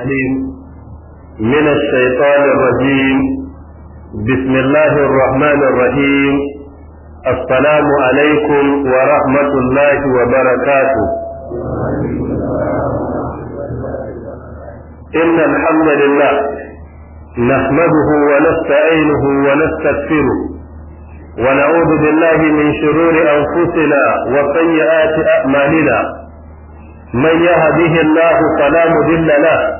العليم من الشيطان الرجيم بسم الله الرحمن الرحيم السلام عليكم ورحمة الله وبركاته إن الحمد لله نحمده ونستعينه ونستغفره ونعوذ بالله من شرور أنفسنا وسيئات أعمالنا من يهده الله فلا مضل له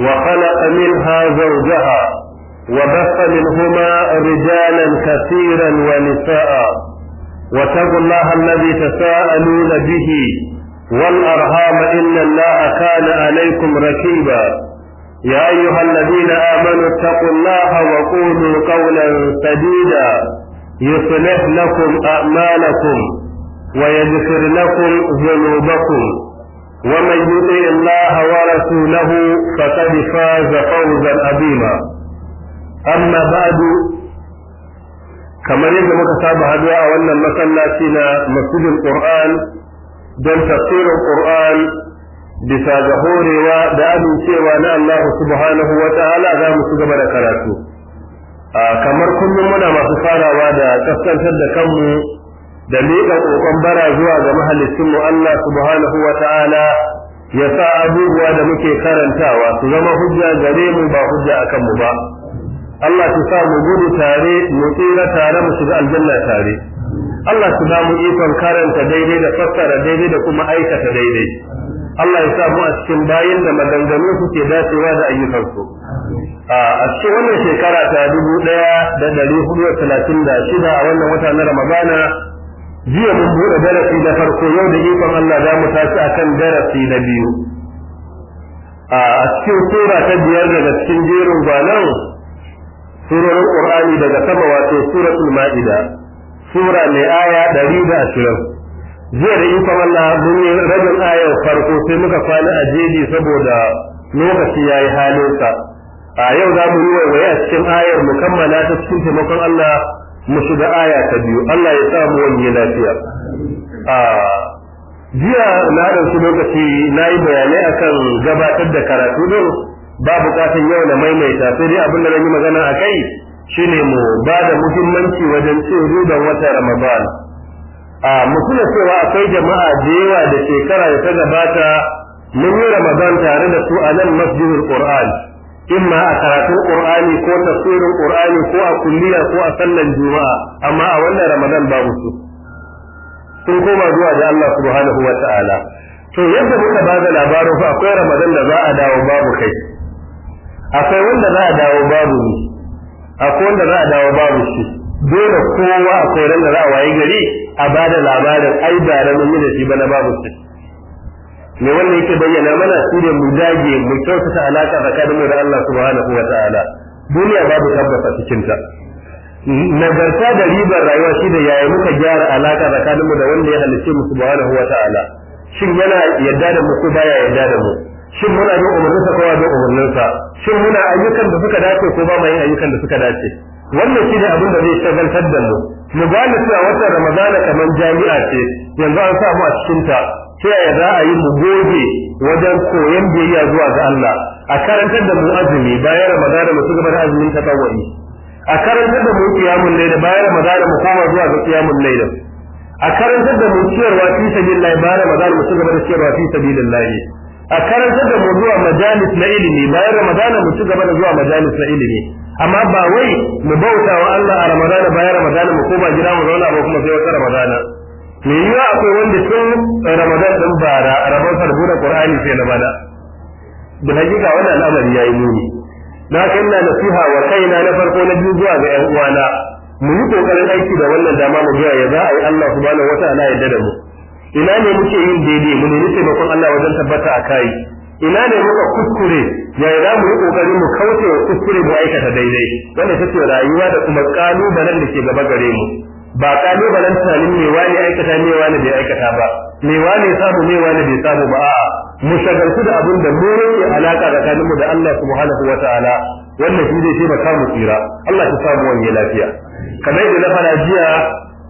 وخلق منها زوجها وبث منهما رجالا كثيرا ونساء واتقوا الله الذي تساءلون به والأرهام إن الله كان عليكم ركيبا يا أيها الذين آمنوا اتقوا الله وقولوا قولا سديدا يصلح لكم أعمالكم ويغفر لكم ذنوبكم ومن يطع الله ورسوله فقد فاز فوزا عظيما أما بعد kamar yadda muka saba haduwa a wannan masallaci na masjidin Qur'an don tafsirin Qur'an bisa ga horewa da amincewa na Allah subhanahu wa ta'ala za mu ci gaba da karatu kamar kullum muna masu farawa da kaskantar da kanmu da miƙa ƙoƙon bara zuwa ga mu Allah subhanahu wa ta'ala ya sa abubuwa da muke karantawa su zama hujja gare mu ba hujja a kanmu ba Allah su sa mu gudu tare mu tsira tare mu shiga aljanna tare Allah su ba mu ikon karanta daidai da fassara daidai da kuma aikata daidai Allah ya sa mu a cikin bayin da maganganun suke dacewa da ayyukansu a cikin wannan shekara ta dubu ɗaya da ɗari hudu da talatin da shida a wannan wata na Ramadana jiya mun buɗe darasi na farko yau da ikon Allah za mu tashi akan darasi na biyu a cikin sura ta biyar daga cikin jerin gwanan surorin Qur'ani daga sama wato suratul Ma'ida sura mai aya 120 jiya da ikon Allah mun yi rabin ayar farko sai muka kwana a jeji saboda lokaci ya yi halinsa a yau za mu yi waiwaye a cikin ayar mukammala ta cikin taimakon Allah mu shiga aya ta biyu Allah ya samu wani lafiya a jiya na su lokaci na yi bayanai akan gabatar da karatu ɗin ba bukatun yau na maimaita sai dai abin da na yi magana a kai shine mu ba da muhimmanci wajen ce ruban wata ramadan a mu kula cewa akwai jama'a da yawa da shekara da ta gabata mun yi ramadan tare da su a nan masjidul qur'an imma a karatun qur'ani ko tafsirin qur'ani ko a kulliya ko a sallan juma'a amma a wannan ramadan ba musu sun koma zuwa ga Allah subhanahu to yadda muka ba da labarin fa akwai ramadan da za a dawo babu kai akwai wanda za a dawo babu ni akwai wanda za a dawo babu shi dole kowa akwai ran da za a wayi gari a ba da labarin ai ba ranar da shi ba na babu shi me wannan yake bayyana mana su da mu dage mu kyautata alaka tsakanin mu da Allah subhanahu wa ta'ala duniya babu tabbata cikin ta nagarta da ribar rayuwa shi da yaya muka gyara alaka tsakanin mu da wanda ya halicce mu subhanahu wa ta'ala shin yana yadda da mu ko baya yadda da mu shin muna bin umarnin sa ko ba bin umarnin sa shin muna ayyukan da suka dace ko ba mu yin ayyukan da suka dace wannan shi ne abin da zai shagaltar da mu mu gane cewa watan ramadana kamar jami'a ce yanzu an samu a cikin ta ta yaya za a yi mu goge wajen koyon biyayya zuwa ga Allah a karantar da mu azumi bayan Ramadan mu ci gaba da ta tatawwali a karantar da mu qiyamul layl bayan Ramadan mu koma zuwa ga qiyamul layl a karantar da mu ciyarwa fi sabilillah bayan Ramadan mu ci gaba da ciyarwa fi sabilillah a karantar da mu zuwa majalis na ilimi bayan Ramadan mu ci gaba da zuwa majalis na ilimi amma ba wai mu bauta wa Allah a Ramadan bayan Ramadan mu koma gida mu zauna ba kuma sai wata Ramadan me yiwa akwai wanda tun ramadan din bara rabon sarbu da qur'ani sai na bada da hakika wannan al'amari yayi muni na kai na nasiha wa kaina na farko na biyu zuwa ga yan uwana mu yi kokarin aiki da wannan dama mu biya ya za a yi Allah subhanahu wataala ya da mu ina ne muke yin daidai mu nemi taimakon Allah wajen tabbata a kai ina ne muka kuskure ya za mu yi kokari mu kauce wa kuskure mu aikata daidai wanda take rayuwa da kuma kalubalen da ke gaba gare mu ba kalubalen tunanin me wani aikata me wani bai aikata ba me wani samu me wani bai samu ba a'a mu shagaltu da abin da mu yake alaka tsakanin mu da Allah subhanahu wa ta'ala wannan shi zai taimaka mu tsira Allah ya samu wani lafiya kamar da na fara jiya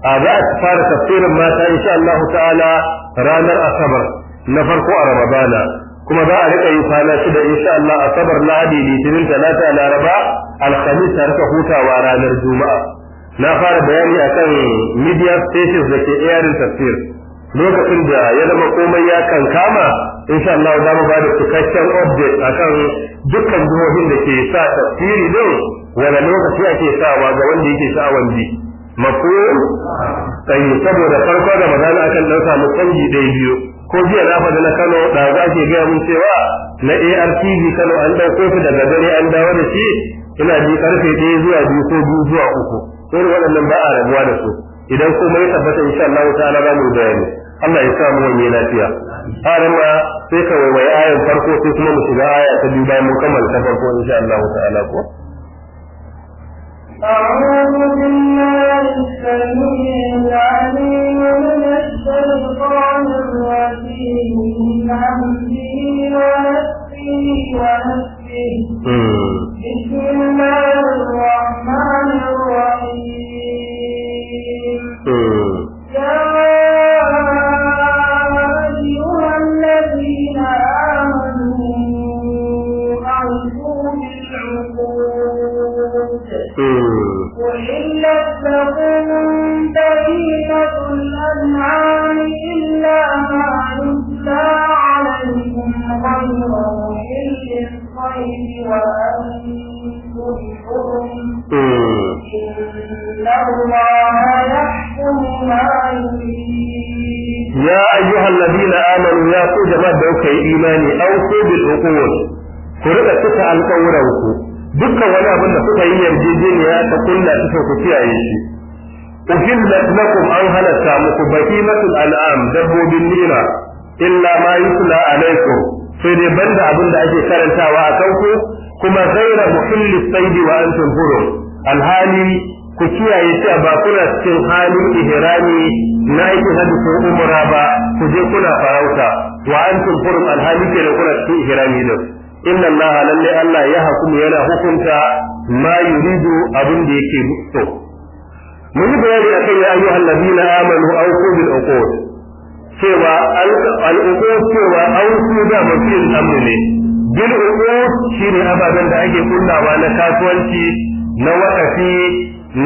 a za a fara tafsirin mata insha Allah ta'ala ranar asabar na farko a Ramadana kuma za a rika yi kwana shida insha Allah asabar lahadi litinin talata laraba alhamis ta rika hutawa ranar juma'a na fara bayani a kan media stations da ke airin tafsir lokacin da ya zama komai ya kankama insha Allah za mu bada cikakken update akan dukkan jihohin da ke sa tafsiri din wani lokaci ake sawa ga wanda yake sa bi mafhum tsaye saboda farko da magana akan dan samu canji ɗaya biyu ko jiya na faɗi na Kano da za ke gaya mun cewa na ARTV Kano an dauko su daga dare an dawo da shi ina bi karfe ɗaya zuwa biyu ko biyu zuwa uku. irin waɗannan ba a rabuwa da su idan kuma ya tabbata insha Allah ta'ala ba mu bayani Allah ya sa mu wani lafiya haram ma sai ka waiwayi ayan farko sai kuma mu shiga aya ta biyu bayan mun kammala ta farko insha Allah ta'ala ko أعوذ بالله السميع العليم من الشيطان الرجيم من همزه ونفسه ونفسه بسم الله الرحمن الرحيم يا أيها الذين آمنوا أوفوا بالعقود أحلت لكم بهيمة الأنعام إلا ما يتلى عليكم غير محل Ya وأنتم حرم إن ya يحكم ما يا أيها الذين آمنوا يا كو جماعة دوك إيماني أوفوا بالعقول كرد dukkan wani abin da kuka yi yarjejeniya ta kulla ta ku kiyaye shi uhillat lakum an halatta muku bahimatul al'am dabbobin nima illa ma yusla alaikum sai dai banda abin da ake karantawa a kanku kuma zaira muhilli saidi wa antum hurum alhali ku kiyaye cewa ba kuna cikin halin ihrami na yake hadu ko umra ba ku je kuna farauta wa antum alhali ke da kuna cikin ihrami din inna Allah lalle Allah ya hukumu yana hukunta ma yuridu abin da yake so mun yi bayani akan ya ayyuhal ladina amanu aw qul bil uqud cewa al'ukos cewa auku da mafi'il amr ne bil shi ne ababen da ake kullawa na kasuwanci na wakafi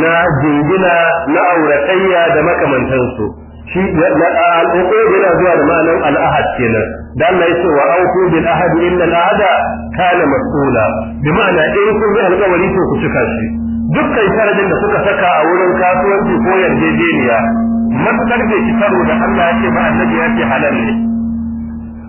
na jingina na auratayya da makamantansu shi al'uqus yana zuwa da ma'anar al'ahad kenan da Allah ya ce wa auku bil ahad illa al'ada kana mas'ula bi ma'ana in kun yi alƙawari to ku cika shi dukkan sharadin da suka saka a wurin kasuwanci ko yarjejeniya matukar bai ci karo da Allah ya ba annabi ya ce halal ne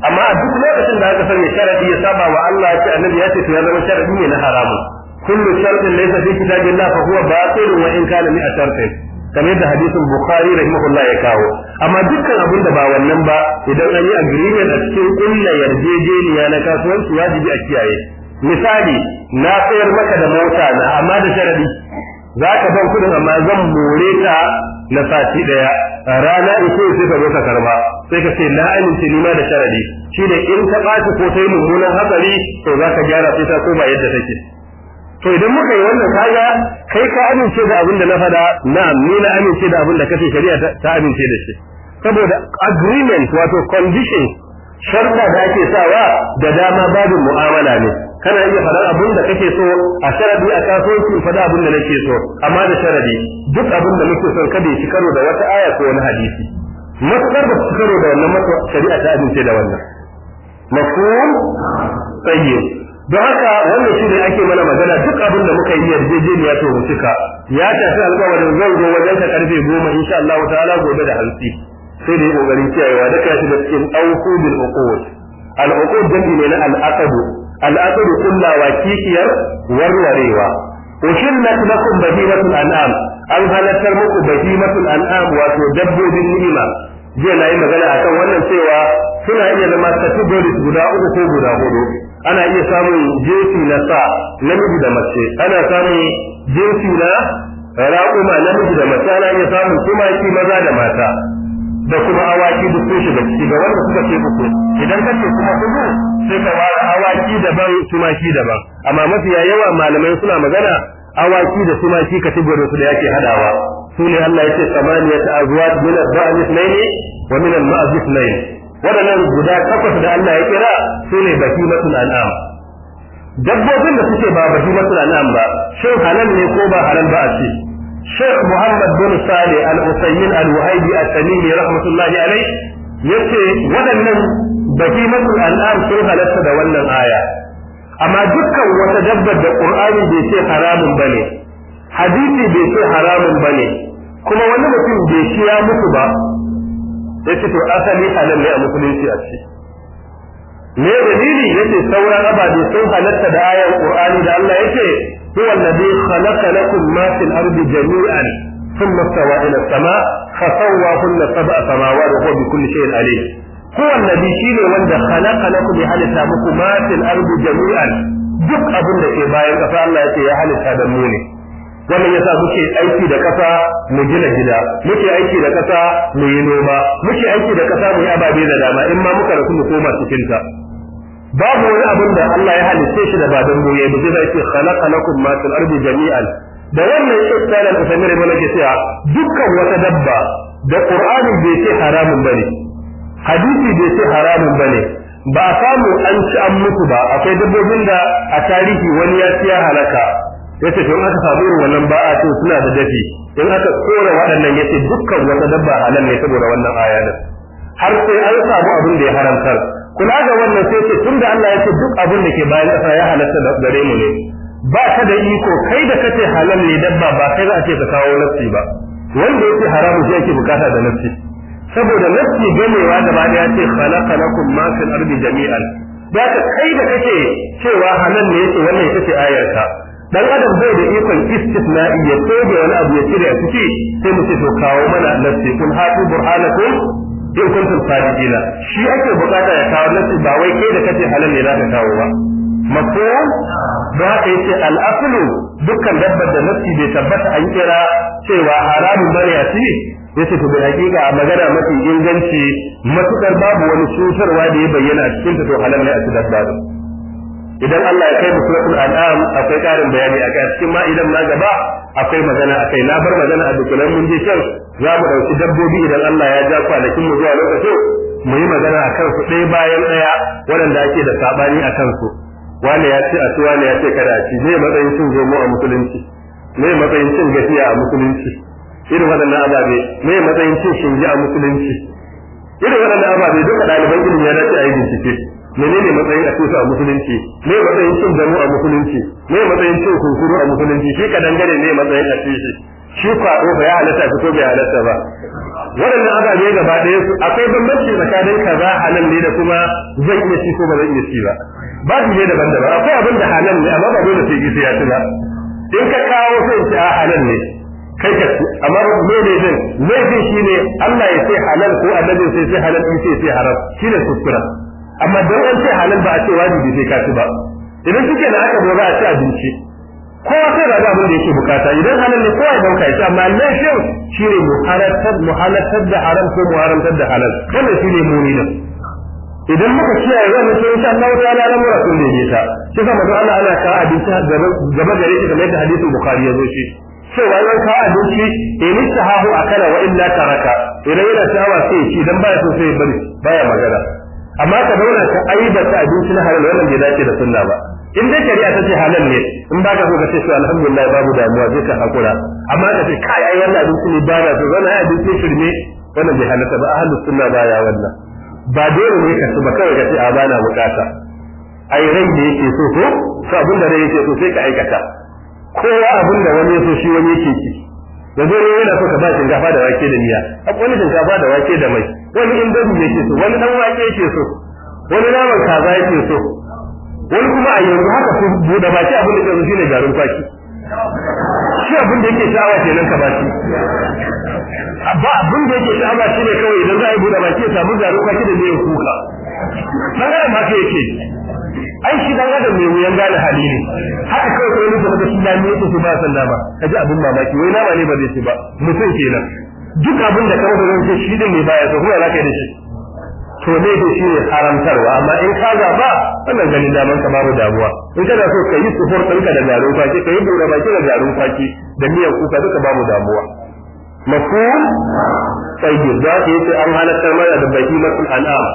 amma a duk lokacin da aka sanya sharadi ya saba wa Allah ya ce annabi ya ce to ya zama sharadi ne na haramun kullu sharadin laysa fi kitabillah fa huwa batil wa in kana mi'a shartin kamar yadda hadisin bukhari rahimahullah ya kawo amma dukkan abin da ba wannan ba idan an yi agreement a cikin kullu yarjejeniya na kasuwanci wajibi a kiyaye misali na sayar maka da mota na amma da sharadi za ka ban kudin amma zan more ta na sati daya rana in so sai ka zo karba sai ka ce na amince ni ma da sharadi shine in ka bata ko sai mummunan hatsari to za ka gyara sai ta ba yadda take to idan muka yi wannan kaga kai ka amince da abin da na faɗa na ni na amince da abin da kace shari'a ta amince da shi saboda agreement wato condition sharda da ake sawa da dama babin mu'amala ne kana iya faɗar abin da kake so a sharadi a kasuwanci in faɗa abin da nake so amma da sharadi duk abin da muke so kada ya ci karo da wata aya ko wani hadisi matuƙar ba su karo da wannan mata shari'a ta amince da wannan mafhum tayyib don haka wannan shi ne ake mana magana duk abin da muka yi yarjejeniya to mu cika ya tafi alƙawarin zan zo wajen ka karfe goma insha Allah ta'ala gobe da hantsi sai da yi ƙoƙarin kiyayewa duka ya shiga cikin ɗauku bil uqud al uqud ne na al aqd al'aqdu kullawa kishiyar warwarewa uhillat lakum bahimatul an'am an halattar muku bahimatul an'am wato dabbobin ni'ima jiya na yi magana akan wannan cewa suna iya zama categories guda uku ko guda hudu ana iya samun jinsi na sa namiji da mace ana samun jinsi na raƙuma namiji da mace ana iya samun tumaki maza da mata da kuma awaki da su shiga ciki ga wanda suka ce muku idan ka ce kuma kudu sai ka ware awaki daban tumaki daban amma mafiya yawa malamai suna magana awaki da tumaki ka da su da yake hadawa su ne Allah ya ce ya azwat min al-ba'd ithnayn wa min al-ma'd ithnayn wadannan guda takwas da Allah ya kira su ne masu an'am dabbobin da suke ba bahimatul an'am ba shin halal ne ko ba halal ba a ce Sheikh Muhammad bin Saleh Al-Usaymin Al-Wahabi Al-Tamimi rahmatullahi alaihi yace waɗannan bahimatul al'am sun halatta da wannan aya amma dukkan wata dabbar da Qur'ani bai ce haramun bane hadisi bai ce haramun bane kuma wani mutum bai shi ya mutu ba yace to asali halal ne a musulunci a ciki me dalili yace sauran ababe sun halatta da ayar Qur'ani da Allah yace هو الذي خلق لكم ما في الأرض جميعا ثم استوى إلى السماء فسواهن سبع سماوات وهو بكل شيء عليم هو الذي شيء وند خلق لكم يحلتا muku ما في الأرض جميعا duk abin da ke bayan ƙasa Allah ya ce ya halitta da mu ne wannan yasa muke aiki da kasa mu gina gida muke aiki da ƙasa mu yi noma muke aiki da ƙasa mu yi ababe da dama in ma muka rasu mu koma cikin ta babu wani abin da Allah ya halitta shi da ba don goye ba zai ce khalaqa lakum ma fil ardi jami'an da wannan istilan al-usamir ibn ke cewa dukkan wata dabba da Qur'ani bai ce haramun bane hadisi bai ce haramun bane ba a samu an ci an mutu ba akwai dabbobin da a tarihi wani ya ci ya halaka yace to in aka samu irin wannan ba a ce suna da dafi in aka kore waɗannan yace dukkan wata dabba halal ne saboda wannan aya har sai an samu abin da ya haramtar kula ga wannan sai ce tun da Allah ya ce duk abin da ke bayan ƙasa ya halatta da gare mu ne ba ka da iko kai da kace halal ne dabba ba kai za a ce ka kawo nafsi ba wanda yake haramu sai yake bukata da nafsi saboda nafsi gamewa ba da ya ce khalaqalakum ma fil ardi jami'an ba ka kai da kace cewa halal ne yake wannan yake ayarka dan adam bai da ikon istisna'i ya toge wani abu ya cire a ciki sai mu ce to kawo mana nafsi kun hatu burhanakum bai kuntum shi ake bukata ya kawo nasu ba wai kai da kace halal ne za ka kawo ba mako ba ka yace al'aqlu dukkan dabbar da nafsi bai tabbata an kira cewa haramun bane a Ya yace to bai hakika a magana mafi inganci matukar babu wani cutarwa da ya bayyana a cikin ta to halal ne a ci dabbar idan Allah ya kai mu suratul an'am akwai karin bayani a kai, cikin ma idan ma gaba akwai magana akai na bar magana a dukkan mun je shan, za mu dauki dabbobi idan Allah ya ja kwanakin mu zuwa lokacin mu yi magana a kansu ɗaya bayan ɗaya waɗanda ake da sabani a kansu wani ya ce a ci wani ya ce kada a ci me matsayin cin zomo a musulunci me matsayin cin gafiya a musulunci irin waɗannan ababe me matsayin cin shinge a musulunci irin waɗannan ababe duka ɗaliban ilimi ya dace a yi bincike menene matsayin a tusa a musulunci me matsayin cin gano a musulunci me matsayin cin kunkuru a musulunci shi ka dangane ne matsayin a tushi shi kwado ba ya halatta ko bai halatta ba waɗannan ababe gaba ɗaya su akwai bambanci tsakanin kaza halal ne da kuma zan iya ci ko ba zan iya ci ba ba su ne daban daban akwai abin da halal ne amma ba dole sai gisa ya ci ba in ka kawo sai ci a ah, halal ne kai ka ci amma me ne zan laifin shi ne Allah ya sai halal ko annabi sai sai halal in sai sai haram shine kuskura amma don an ce halal ba a ce wajibi sai ka ba idan suke da aka ba a ci abinci kowa sai da abin da yake bukata idan halal ne kowa ya dauka ya ci amma laifin shine muharatar muhalattar da haram ko muharatar da halal wannan muni muminin idan muka kiyaye wannan sai insha Allah ta'ala mu sun ne ta, shi kuma da Allah ana kawo abinci gaba gare shi kamar da hadisin Bukhari ya zo shi cewa yan ka abinci in istahahu akala wa illa taraka idan yana shawa sai shi dan baya so sai bari baya magana amma ka zauna ka aibata abinci na halal wannan bai dace da sunna ba in dai shari'a ta ce halal ne in ba ka so ka ce to alhamdulillah babu damuwa zai ka hakura amma ka ce kai ai wannan abinci ne ba da to wannan ai abinci shirme wannan bai halatta ba ahlus sunna ba ya wannan ba dole ne ka tuba kawai ka ce a bana bukata ai rai ne yake so ko sai abin da rai yake so sai ka aikata kowa abin da wani so shi wani yake ki da dole yana so ka ba shi shinkafa da wake da miya akwai shinkafa da wake da mai wani ya ce so wani dan wake ce so wani naman kaza ce so wani kuma a yanzu haka sun buɗe baki abin da ke zuci ne garin kwaki shi abin da yake sha'awa nan ka baki ba abin da yake sha'awa shi ne kawai idan za a yi buɗe baki ya samu garin kwaki da miyan kuka dan ma haka yake ai shi dan adam mai wuyan gane hali ne haka kawai sai ne da shi da ne yake ba sallama kaji abin mamaki wai nama ne ba zai ci ba mutum kenan duk abin da kamar da zai shi din ne baya to kuma zaka da shi to ne da shi ne haramtarwa amma in ka zaba wannan ganin daman ka babu damuwa in kana so ka yi sufur ɗinka da garin kwaki ka yi dora baki da garin kwaki da miyan kuka duka babu damuwa mafhum tayyib da yi an halattar mana da baki masu an'am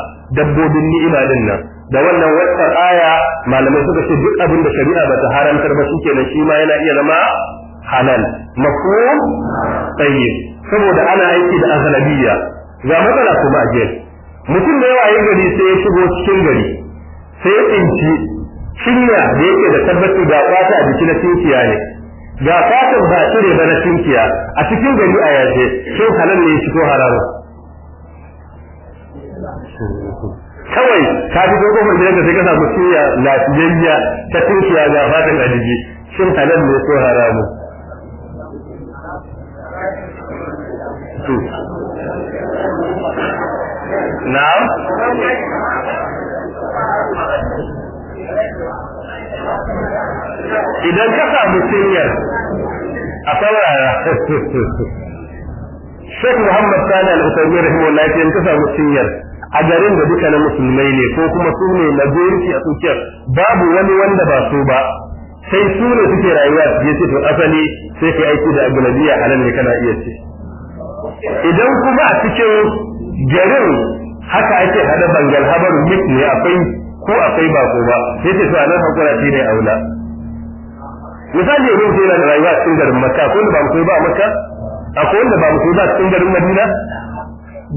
dabbobin ni'ima din nan da wannan wata aya malamai suka ce duk abin da shari'a bata haramtar ba na shi ma yana iya zama halal mafhum tsaye. saboda ana aiki da azalabiyya ga matsala kuma a gefe mutum da yawa yin gari sai ya shigo cikin gari sai ya tsinci cinya da yake da tabbaci ga kwata a jiki na ne ga fatan ba cire ba na a cikin gari a yaje shin halal ne ya shigo haramun kawai ka fi dogon mai da sai ka samu cinya lafiyayya ta tinkiya ga fatan a jiki shin halal ne ko haramun now idan ka samu sinyar a saurara Sheikh Muhammad Sani Al-Utaymi rahimahullah ya ce ka samu a garin da duka na musulmai ne ko kuma su ne majority a tsakiyar babu wani wanda ba su ba sai su ne suke rayuwa ya ce to asali sai ka aiki da a nan ne kana iya ce idan kuma a cikin garin haka ake hada bangal habar mit ne akwai ko akwai ba ko ba sai ce to nan hakura shi ne aula misali irin sai yana rayuwa cikin garin makka ko ba musulmi ba makka akwai wanda ba musulmi ba cikin garin madina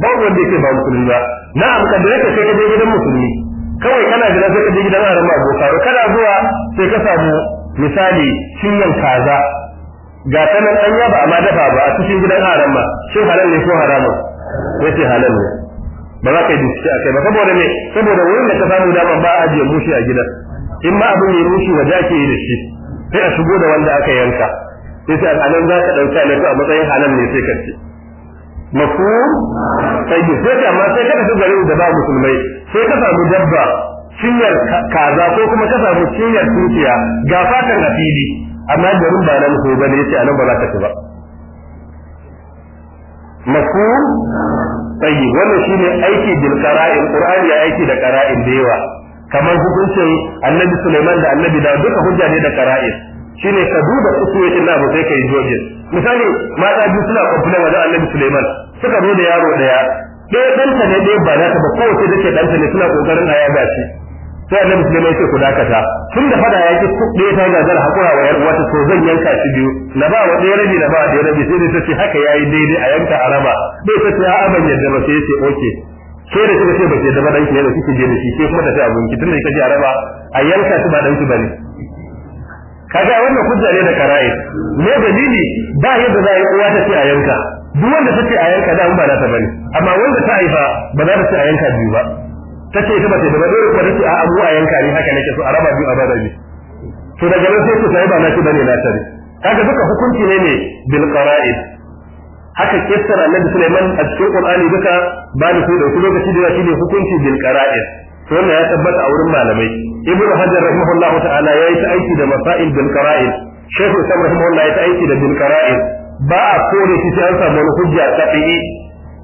ba wanda yake ba musulmi ba na amka da yake sai ka je gidan musulmi kawai kana gidan sai ka je gidan aran ma kana zuwa sai ka samu misali cinyan kaza ga sanan an ba amma dafa ba a cikin gidan haram ma shin halal ne ko ne yace halal ne ba za ka yi dukki a kai ba saboda me saboda wurin da ka samu dama ba a ajiye mushi a gidan in ma abin ya mushi waje ake yi da shi sai a shigo da wanda aka yanka sai sai a nan za ka ɗauka ne a matsayin halal ne sai ka ce mafu sai sai ka amma sai ka tafi garin da ba musulmai sai ka samu dabba cinyar kaza ko kuma ka samu cinyar tukiya ga fatan a fili amma garin ba na musu ba ne yace anan ba za ka ci ba mafhum tsayi wannan shine aiki bil qara'in qur'ani ya aiki da qara'in da yawa kamar hukuncin annabi Sulaiman da annabi da duka hujja ne da qara'in shine ka duba na ba sai kai jojin misali mata biyu suna kwamfula wajen annabi Sulaiman suka zo da yaro daya ɗaya ɗanta ne ɗaya ba za ta ba kowace da ke ɗanta ne suna ƙoƙarin a yaga shi sai annabi sulaiman ya ce ku dakata tun da fada ya ki ɗaya ta zara hakura wa yar uwata to zan yanka shi biyu na ba wa ɗaya rabi na ba ɗaya rabi sai ta ce haka yayi daidai a yanka a raba bai ta ce a'a ban yadda ba sai ya ce oke sai da kika ce ba ce da ba danki ne da kike je da shi sai kuma ce a gunki tun da ita ce a raba a yanka shi ba danki ne kaga wannan kujja ne da karai ne dalili ba yadda za a yi uwa ta ce a yanka duk wanda ta ce a yanka da ba za ta bane amma wanda ta haifa ba za ta ce a yanka biyu ba ta ce ita ba ta ba dole kuma take a mu a yanka ne haka nake so a raba biyu a bada to daga nan sai ku sai ba na ci bane na tare kaga duka hukunci ne ne bil qara'id haka kissar annabi Sulaiman a cikin Qur'ani duka ba da su da lokaci da shi ne hukunci bil qara'id to wannan ya tabbata a wurin malamai Ibn Hajar rahimahullahu ta'ala yayi ta aiki da masail bil qara'id Sheikh Usman rahimahullahu ya ta aiki da bil qara'id ba a kore shi sai an samu hujja tabi'i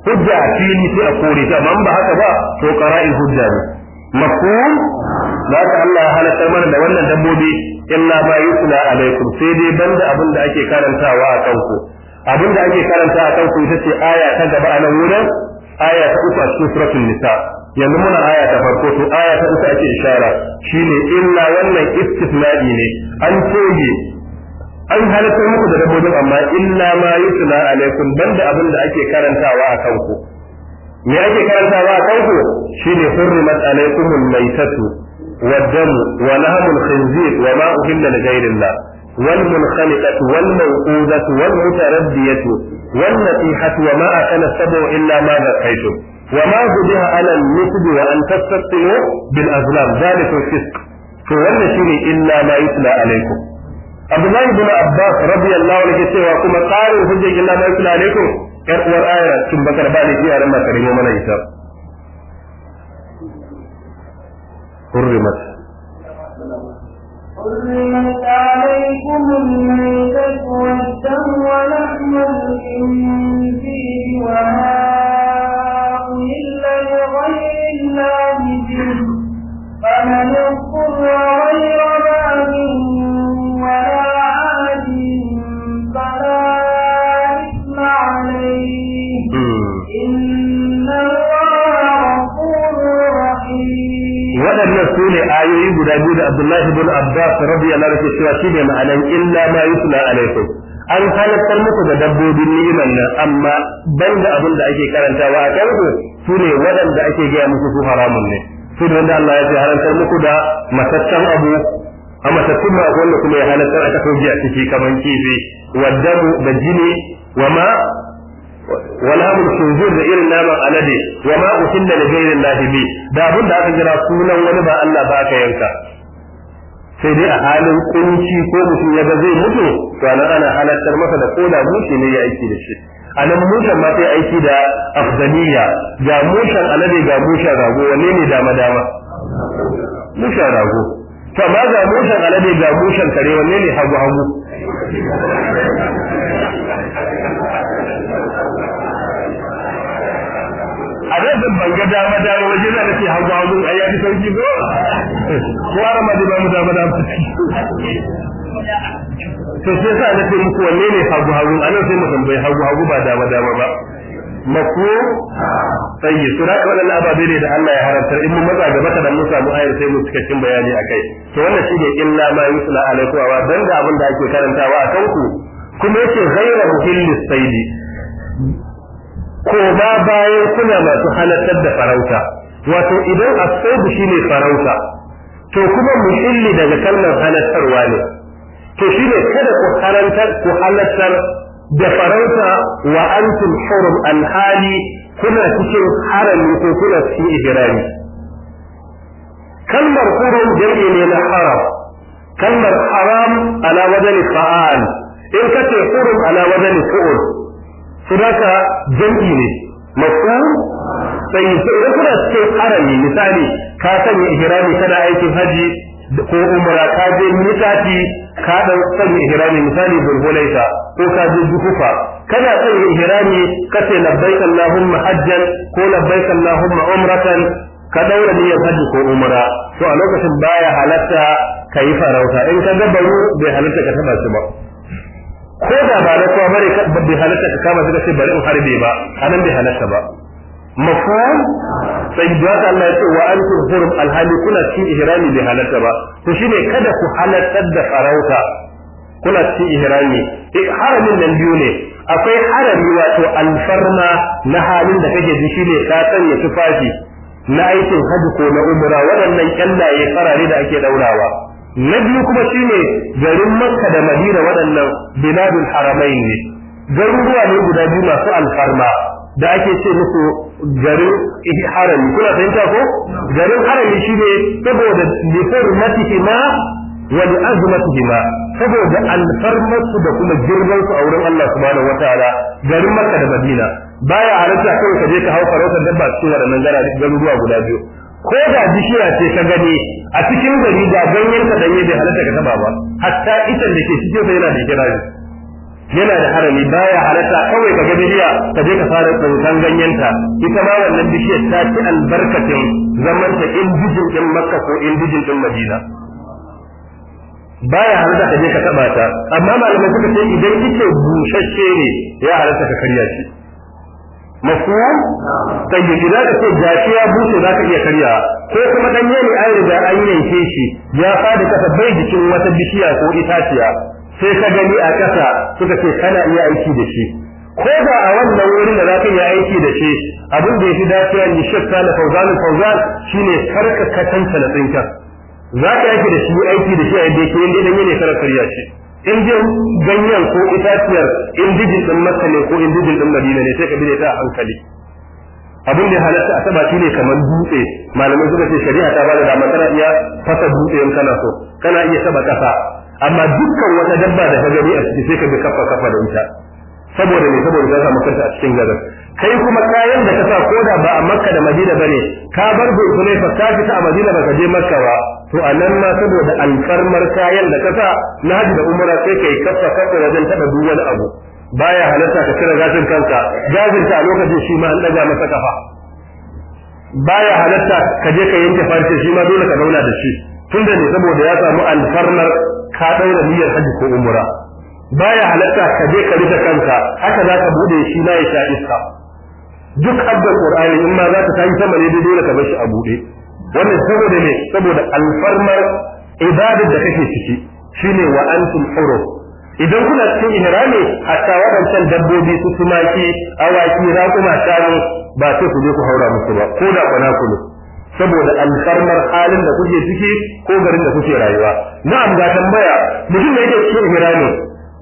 hujja a fili sai a kore ta ban ba haka ba to qara'il hujja ne mafhum za ta Allah ya halatta mana da wannan dabbobi illa ma yusla alaikum sai dai banda abin da ake karantawa a kanku abin da ake karanta a kanku ita ce aya ta gaba a nan wurin aya ta uku a cikin suratul nisa yanzu muna aya ta farko to aya ta uku ake ishara shine illa wannan istisna'i ne an toye an halittar muku da dabbobin amma illa ma yusla alaikum ban da abin da ake karantawa a kanku me ake karantawa a kanku shine hurrimat alaikum al-maytatu wad-dam wa lahmul khinzir wa ma uhilla li ghayrillah wal munkhaliqatu wal mawqudatu wal mutaraddiyatu wan natihatu wa ma akala sab'u illa ma dhaqaytum wa ma hudiha ala al-nisb wa an tastaqilu bil azlam dhalika fisq to wannan shine illa ma yusla alaikum Abdullahi ibn Abbas radiyallahu anhu cewa kuma tsarin hujjar illa ma yusla alaikum yar uwar aya tun bakar ba ne iya ran makare mu mana ita hurrimat حرمت عليكم الميتة والدم ولحم الخنزير وما أهل لغير الله به فمن اضطر غير ne ayoyi guda biyu da Abdullahi ibn Abbas radiyallahu anhu cewa shi ne ma'anan illa ma yusla alaikum an halattar muku da dabbobin liman nan amma ban da abin da ake karantawa a kanku su ne waɗanda ake gaya muku su haramun ne su ne wanda Allah ya ce harantar muku da matattan abu a matattun ma wanda kuma ya halattar a sauki a ciki kamar kifi waddamu da jini wa ma Wala walamun tunzir da irin naman alade wa ma usinna li ghayri allahi bi da abin da aka jira sunan wani ba Allah ba ka yanka sai dai a halin kunci ko mutum ya ga zai mutu to anan ana halartar masa da koda mushi ne ya aiki da shi a nan mushen ma sai aiki da afdaniya ga mushen alade ga mushen rago wanne ne dama dama mushen rago to ma ga mushen alade ga mushen kare wanne ne hagu hagu a da ban ga dama dama waje na nake hagu hagu a yafi sauki ko ko ara ma ba mu dama dama to sai sa nake muku wanne ne hagu hagu anan sai mu tambayi hagu hagu ba dama dama ba mako sai sura waɗannan ababe ne da Allah ya haramta in mun matsa gaba kadan mun samu ayar sai mun cikakken bayani a akai to wannan shine illa ma yusla alaikum wa da abin da ake karantawa a kanku kuma yake ghayra muhillis saidi koma bayan kuna masu halartar da farauta wato idan shi shine farauta to kuma muhilli daga kalmar halartarwa ne to shine kada ku harantar ku halartar da farauta wa antum hurum alhali kuna cikin harami ko kuna cikin ihrami kalmar hurum jam'i ne na haram kalmar haram ala wajen fa'al in kace hurum ala wajen fu'ul sadaka jam'i ne mafu sai idan suna cikin harami misali ka sanya ihrami kana aikin haji ko umra ka je mikati ka dan sanya ihrami misali bulbulaita ko ka je dukufa kana sanya ihrami ka ce labbaik allahumma hajjan ko labbaik allahumma umratan ka daura niyyar haji ko umra to a lokacin baya halatta ka yi farauta in ka gabaru bai halatta ka taba shi ba ko da ba na bari ka bai halatta ka kama suka ce bari in harbe ba anan bai halatta ba mafhum sai da Allah ya ce wa antum hurum alhali kuna cikin ihrami bai halatta ba to shine kada ku halartar da farauta kuna cikin ihrami eh haramin nan biyu ne akwai harami wato alfarma na halin da kake ji shine ka sanya tufafi na aikin hajji ko na umra waɗannan kyallaye farare da ake daurawa na biyu kuma shine garin makka da madina waɗannan biladul haramai ne garuruwa ne guda biyu masu alfarma da ake ce musu garin harami kuna fahimta ko garin harami ne saboda lihurmatihima wa li'azmatihima saboda alfarmarsu da kuma girmansu a wurin Allah subhanahu wataala garin makka da madina baya halatta kawai ka je ka hau farautar dabba cikin waɗannan garuruwa guda biyu ko da bishiya ce ka gani a cikin gari ga ganyen ka danye bai halatta ka taba ba hatta ita da ke cikin sa yana da kirari yana da harami baya halatta kawai ka ga bishiya ka je ka fara tsankan ganyen ta ita ma wannan bishiyar ta ci albarkatin zaman ta indijin din makka ko indijin din madina baya halatta ka je ka taba ta amma malamai suka ce idan kike bushashe ne ya halatta ka karya shi mafuwan tayyib idan da ce gashi ya bushe za ka iya karya ko kuma dan yayi an riga an yanke shi ya fada kasa bai jikin wata bishiya ko itaciya sai ka gani a kasa suka ce kana iya aiki da shi ko ba a wannan wurin da za ka iya aiki da shi abin da ya fi dacewa ni shakka na fauzan fauzan shine karka katanta na tsinka za ka aiki da shi aiki da shi a yadda yake yin dai dan ce shi in ganyen ko itaciyar indijin din makka ne ko indijin din madina ne sai ka bide ta a hankali abin da halatta a taba ne kamar dutse malamai suka ce shari'a ta bada dama kana iya fasa dutse in kana so kana iya taba kasa amma dukkan wata dabba da ka gani a ciki sai ka bi kafa kafa da ita saboda ne saboda za ka samu a cikin gadar kai kuma kayan da ka sa koda ba a makka da madina ne, ka bar bai ne fa ka fita a madina ba ka je makka ba to a nan ma saboda alfarmar kayan da kasa na haji da umara sai ka yi kafa kafa wajen taɓa duk abu baya halatta ka cire gashin kanka gashin a lokacin shi ma an ɗaga masa kafa baya halarta ka je ka yanke farce shi ma dole ka zauna da shi tunda ne saboda ya samu alfarmar ka ɗaura niyyar haji ko umra baya halarta ka je ka rufe kanka haka za ka buɗe shi ma ya sha iska duk abban qur'ani in ma za ka tayi sama ne dole ka bar shi a buɗe. wannan saboda ne saboda alfarmar ibadar da kake ciki shine wa antum huru idan kuna cikin ihrami hatta waɗancan dabbobi su tumaki awaki raƙuma shanu ba sai ku je ku haura musu ba ko da kwana ku saboda alfarmar halin da kuke ciki ko garin da kuke rayuwa na'am ga tambaya mutum da yake cikin ihrami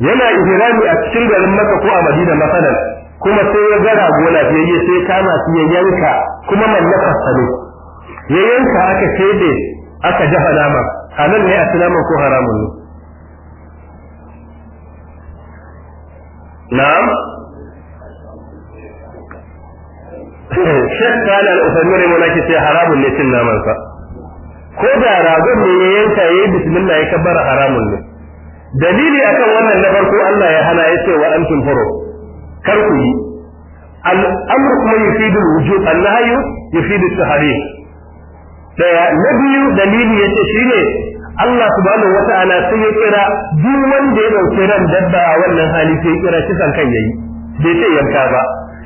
yana ihrami a cikin garin Makka ko a Madina masalan kuma sai ya gara gona sai sai kama su ya yanka kuma mallakar sai ya yanka aka shede aka dafa a halal ne a naman ko haramun ne na'am shakka na al'usannin rai ke sai haramun ne cin namansa ko da ragon ne ya yanka ya yi bismillah ya kabbara haramun ne dalili akan wannan na farko Allah ya hana ya ce wa antum furu kar ku yi al'amr kuma yufidu wujub annahayu yufidu tahrim daya na biyu dalili shi ne Allah subhanahu ana sun yi kira duk wanda ya dauke ran dabba a wannan hali sai ya kira kisan kai yayi bai ce yanka ba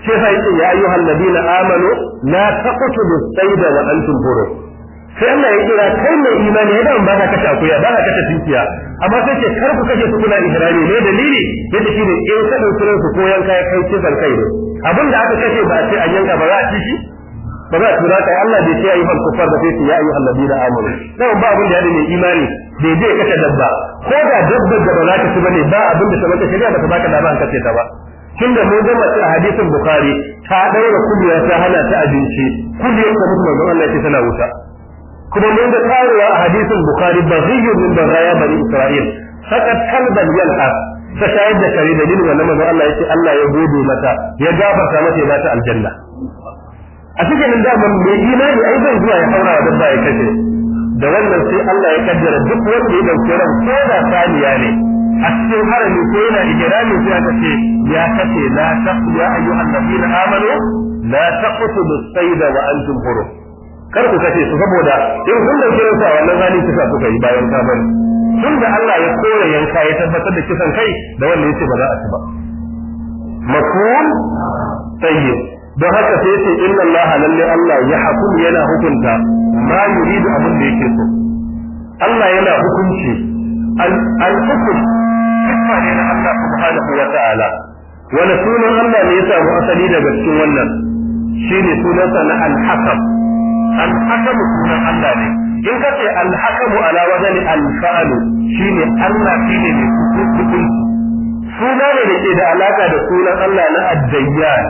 sai sai ce ya ayyuhal alladina amanu la taqtulu sayda wa antum hurum sai Allah ya kira kai mai imani ya ba ka kashe akuya ba ka kashe tinkiya amma sai ce kar ku kashe su kuna ihrami ne dalili yadda ne in ka dauke ran ku ko yanka kai kisan kai ne abinda aka kashe ba sai an yanka ba za a ci shi ba za a tura ka Allah bai ce ya yi kufar da sai ya Allah na amanu dan ba abin da ya mai imani bai bai kace dabba ko da dabba da ba za ka ci bane ba abin da sabaka shari'a ba ta baka dama an kace ta ba tunda mun ga mace a hadisin bukhari ta daura kuliya ta hana ta abinci kuliyar ta mutum manzon Allah ce tana wuta kuma mun ga karuwa a hadisin bukhari baziyyun min bagaya bani isra'il faqat kalban yalha ta shayar da kare dalilin wannan manzon Allah ya ce Allah ya gode mata ya gafarta mata ya bata aljanna a cikin nan da man mai imani ai bai zuwa ya haura da ba ya kace da wannan sai Allah ya kaddara duk wanda ya dauke ran ko da saniya ne a cikin harami ko yana ikrami sai aka ce ya kace la taqu ya ayyuhan nabiyina amanu la taqtulu as-sayda wa antum hurum kar ku kace su saboda in kun dauke ran sa wannan zalunci sa suka yi bayan ka bari da Allah ya kore yanka ya tabbatar da kisan kai da wanda yace ba za a ci ba mafhum tayyib don haka sai ce inna Allah lalle Allah ya hukum yana hukunta ma yuridu abin da yake so Allah yana hukunci al-hukum sifa ne na Allah subhanahu wa ta'ala wani sunan Allah ne ya samu asali daga cikin wannan shine sunansa na al-hakam al-hakam sunan Allah ne in ka ce al-hakamu ala wazani al-fa'alu shine Allah shine ne hukunci suna ne da ke da alaka da sunan Allah na ad-dayyan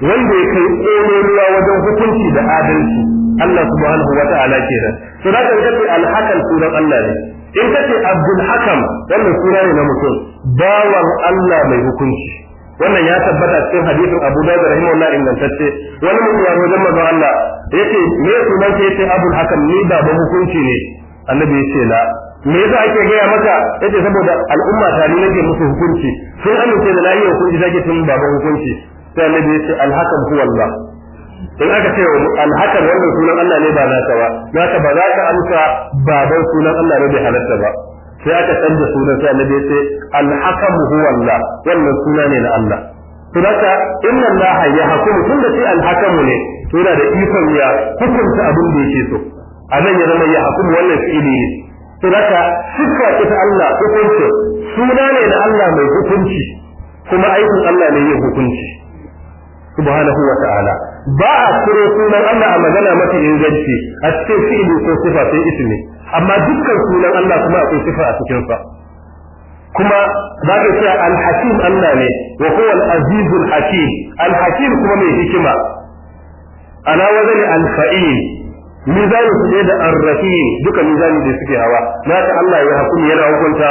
wanda ya kai ƙololuwa wajen hukunci da adalci Allah subhanahu wa ta'ala kenan to da kan kace al-hakam sunan Allah ne in kace abdul hakam wannan suna ne na mutum bawan Allah mai hukunci wannan ya tabbata cikin hadisin Abu Dawud rahimahullah ingantacce wani mutum ya wajen manzo Allah yace me sunan ke yace abdul hakam ni da ba hukunci ne annabi yace la me yasa ake gaya maka yace saboda al'umma ta ne nake musu hukunci sun amince da iya hukunci take tun baban hukunci sai annabi ya ce alhakan huwa Allah in aka ce alhakan wannan sunan Allah ne ba naka ba naka ba za ka amsa baban sunan Allah ne bai halatta ba sai aka canza sunan sai annabi ya ce alhakan huwa Allah wannan suna ne na Allah to haka inna Allah ya tun da shi alhakamu ne to yana da ikon ya hukunta abin da yake so a nan ya zama ya hukumu wannan fi'ili ne to haka sifa ita Allah hukunci suna ne na Allah mai hukunci kuma aikin Allah ne ya hukunci subhanahu wa ta'ala ba a ciro sunan Allah a magana mafi inganci a cikin fi'ili ko sifa sai ismi amma dukkan sunan Allah kuma akwai sifa a cikin sa kuma za ka ce al-hakim Allah ne wa huwa al-aziz hakim al-hakim kuma mai hikima ala wazani al-fa'il mizani su da ar-rahim duka mizani da suke hawa na ta Allah ya yana hukunta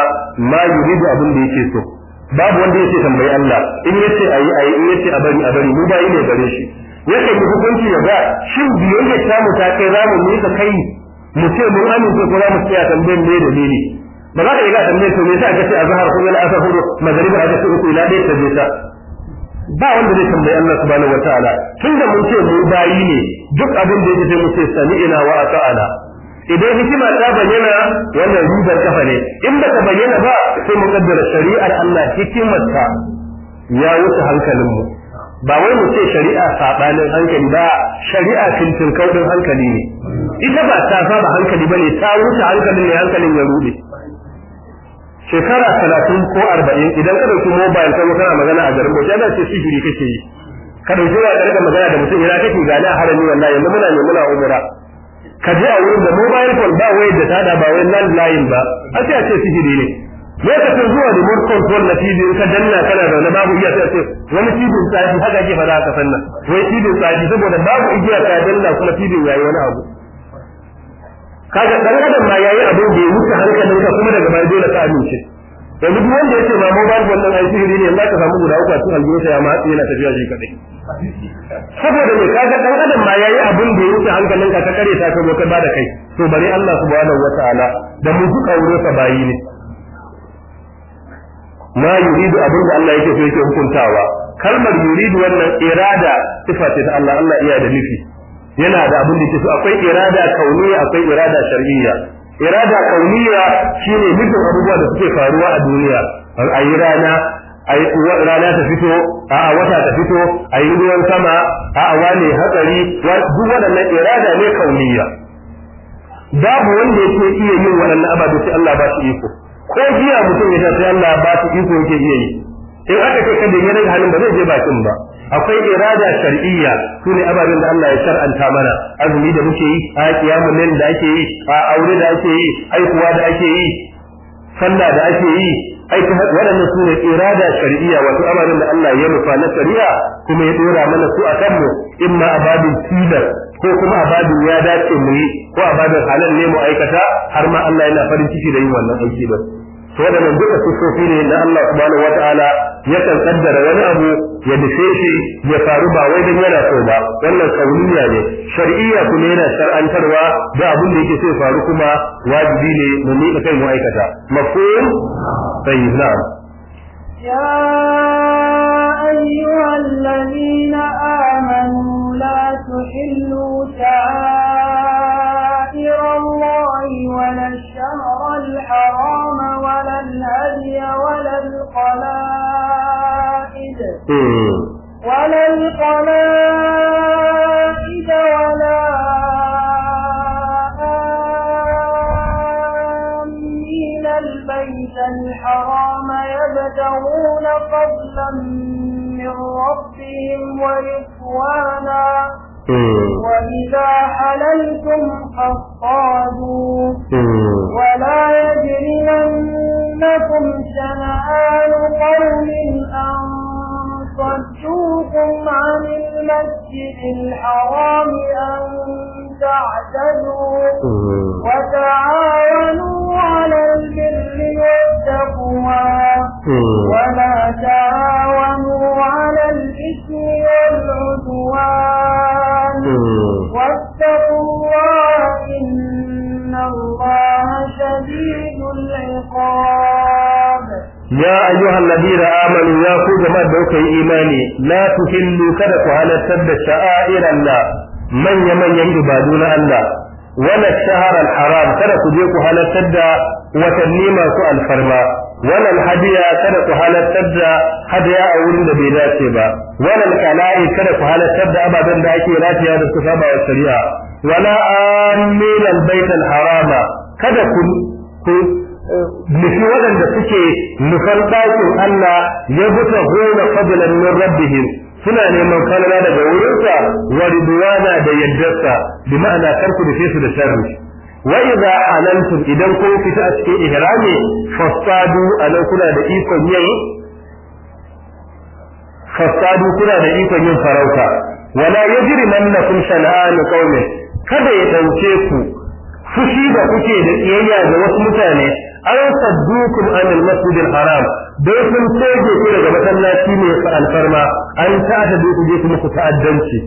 ma yuridu abin da yake so babu wanda yace tambayi Allah in yace ayi ayi in yace a bari a bari mu ba ne gare shi yake yi hukunci ya ga shin biyayya ta mu ta kai zamu ne ka kai mu ce mu amince ko za mu tsaya tambayar ne da ne ba za ka yi ga tambayar to me sai ka ce azhar ko ila asr ko a aka ce ko ila dai ta je ta ba wanda zai tambayi Allah subhanahu wataala tunda mun ce mu bayi ne duk abin da yake mu ce sami'ina wa ata'ana idan hikima ta bayyana wannan rubar kafa ne in ba ta bayyana ba sai mu kaddara shari'ar Allah hikimarta ya wuce hankalin mu ba wai mu ce shari'a sabanin hankali ba shari'a cikin kaudin hankali ne ita ba ta saba hankali bane ta wuce hankalin ne hankalin ya rube shekara talatin ko arba'in idan ka dauki mobile kuma kana magana a garin bauchi da ce sihiri kake yi ka dauki wa karka magana da mutum ina kake gani a harami wallahi yanzu muna ne muna umura ka je a wurin da mobile phone ba wai da tada ba wai landline ba a ce a ce sihiri ne lokacin zuwa remote control na TV in ka danna kana zaune babu iya sai ce wani cibin tsafi haka ke fara a sanna wai TV tsafi saboda babu igiyar ka danna kuma TV yayi wani abu kaga dan adam ma yayi abin da ya wuce hankalinka kuma daga baya dole ka amince yanzu duk wanda yake ba mobile phone din cikin sihiri ne ka samu guda uku a cikin aljihunsa ya matsi yana tafiya shi kadai saboda ne kaga dan adam ma yayi abin da yake hankalin ka ta kare ta ka zo ba da kai to bari Allah subhanahu wataala da mu duka wurin sa bayi ne ma yuridu abin da Allah yake so yake hukuntawa kalmar yuridu wannan irada sifati ta Allah Allah iya da nufi yana da abin da yake so akwai irada kauniya akwai irada shar'iyya irada kauniya shine nufin abubuwa da suke faruwa a duniya a yi rana rana ta fito a wata ta fito a yi ruwan sama a wane hatsari duk waɗannan irada ne kauniya babu wanda yake iya yin waɗannan ababe sai Allah ba su iko ko jiya mutum ya sai Allah ba su iko yake iya yi in aka ce kada ya halin ba zai je bakin ba akwai irada shar'iyya su ne ababin da Allah ya shar'anta mana azumi da muke yi a kiyamu nan da ake yi a aure da ake yi aikuwa da ake yi sallah da ake yi aiki waɗannan su ne irada shar'iyya wato ababin da Allah ya nufa na shari'a kuma ya dora mana su a kanmu in ma a tilas ko kuma a ya dace mu yi ko a babin halal ne mu aikata har ma Allah yana farin ciki da yin wannan aiki ba to waɗannan duka siffofi ne da Allah subhanahu wata'ala yakan kaddara wani abu ya dace shi ya faru ba wai dan yana so ba wannan kauniya ne shar'iyya kuma yana shar'antarwa da abin da yake so ya faru kuma wajibi ne mu miƙa kai mu aikata mafhum tayyib na'am يا أيها الذين آمنوا لا تحلوا شعائر الله ولا الشهر الحرام ولا الهدي ولا القلائد ولا القلائد ولا آمين البيت الحرام يبتغون فضلا من ربهم ورضوانا وإذا حللتم فاصطادوا ولا يجرمن إنكم شمآن قوم أن صدوكم عن المسجد الحرام أن تعتدوا وتعاونوا على البر والتقوى ولا تعاونوا على الإثم والعدوان واتقوا الله إن إن الله شديد العقاب يا أيها الذين آمنوا يا كوجما دوك إيماني لا تهلوا كدك على سد شعائر الله من يمن يعبادون الله ولا الشهر الحرام كدك ديك على سد وتنيما سؤال فرما wannan hadiya kada ku halartar da hadiya a wurin da bai dace ba wannan kala'i kada ku halartar da ababen da ake rafiya da su saba wa shari'a wala amil albayt alharama kada ku nufi waɗanda suke nufar ɗakin Allah ya buta hona fadlan min rabbihim suna neman kalala daga wurinsa wa ridwana da yardarsa, bi ma'ana karku da su da sharri wa idza alantum idan kun fita a cikin ihrami fasadu kuna da ikon yin fasadu Wala ya ikon yin farauta wala yajrimannakum shana'an kada ya ɗauke ku fushi da kuke da tsiyayya da wasu mutane an saddukum anil masjidil haram dai sun tege ku daga masallaci ne fa alfarma an ta'ata ku je kuma ku ta'addanci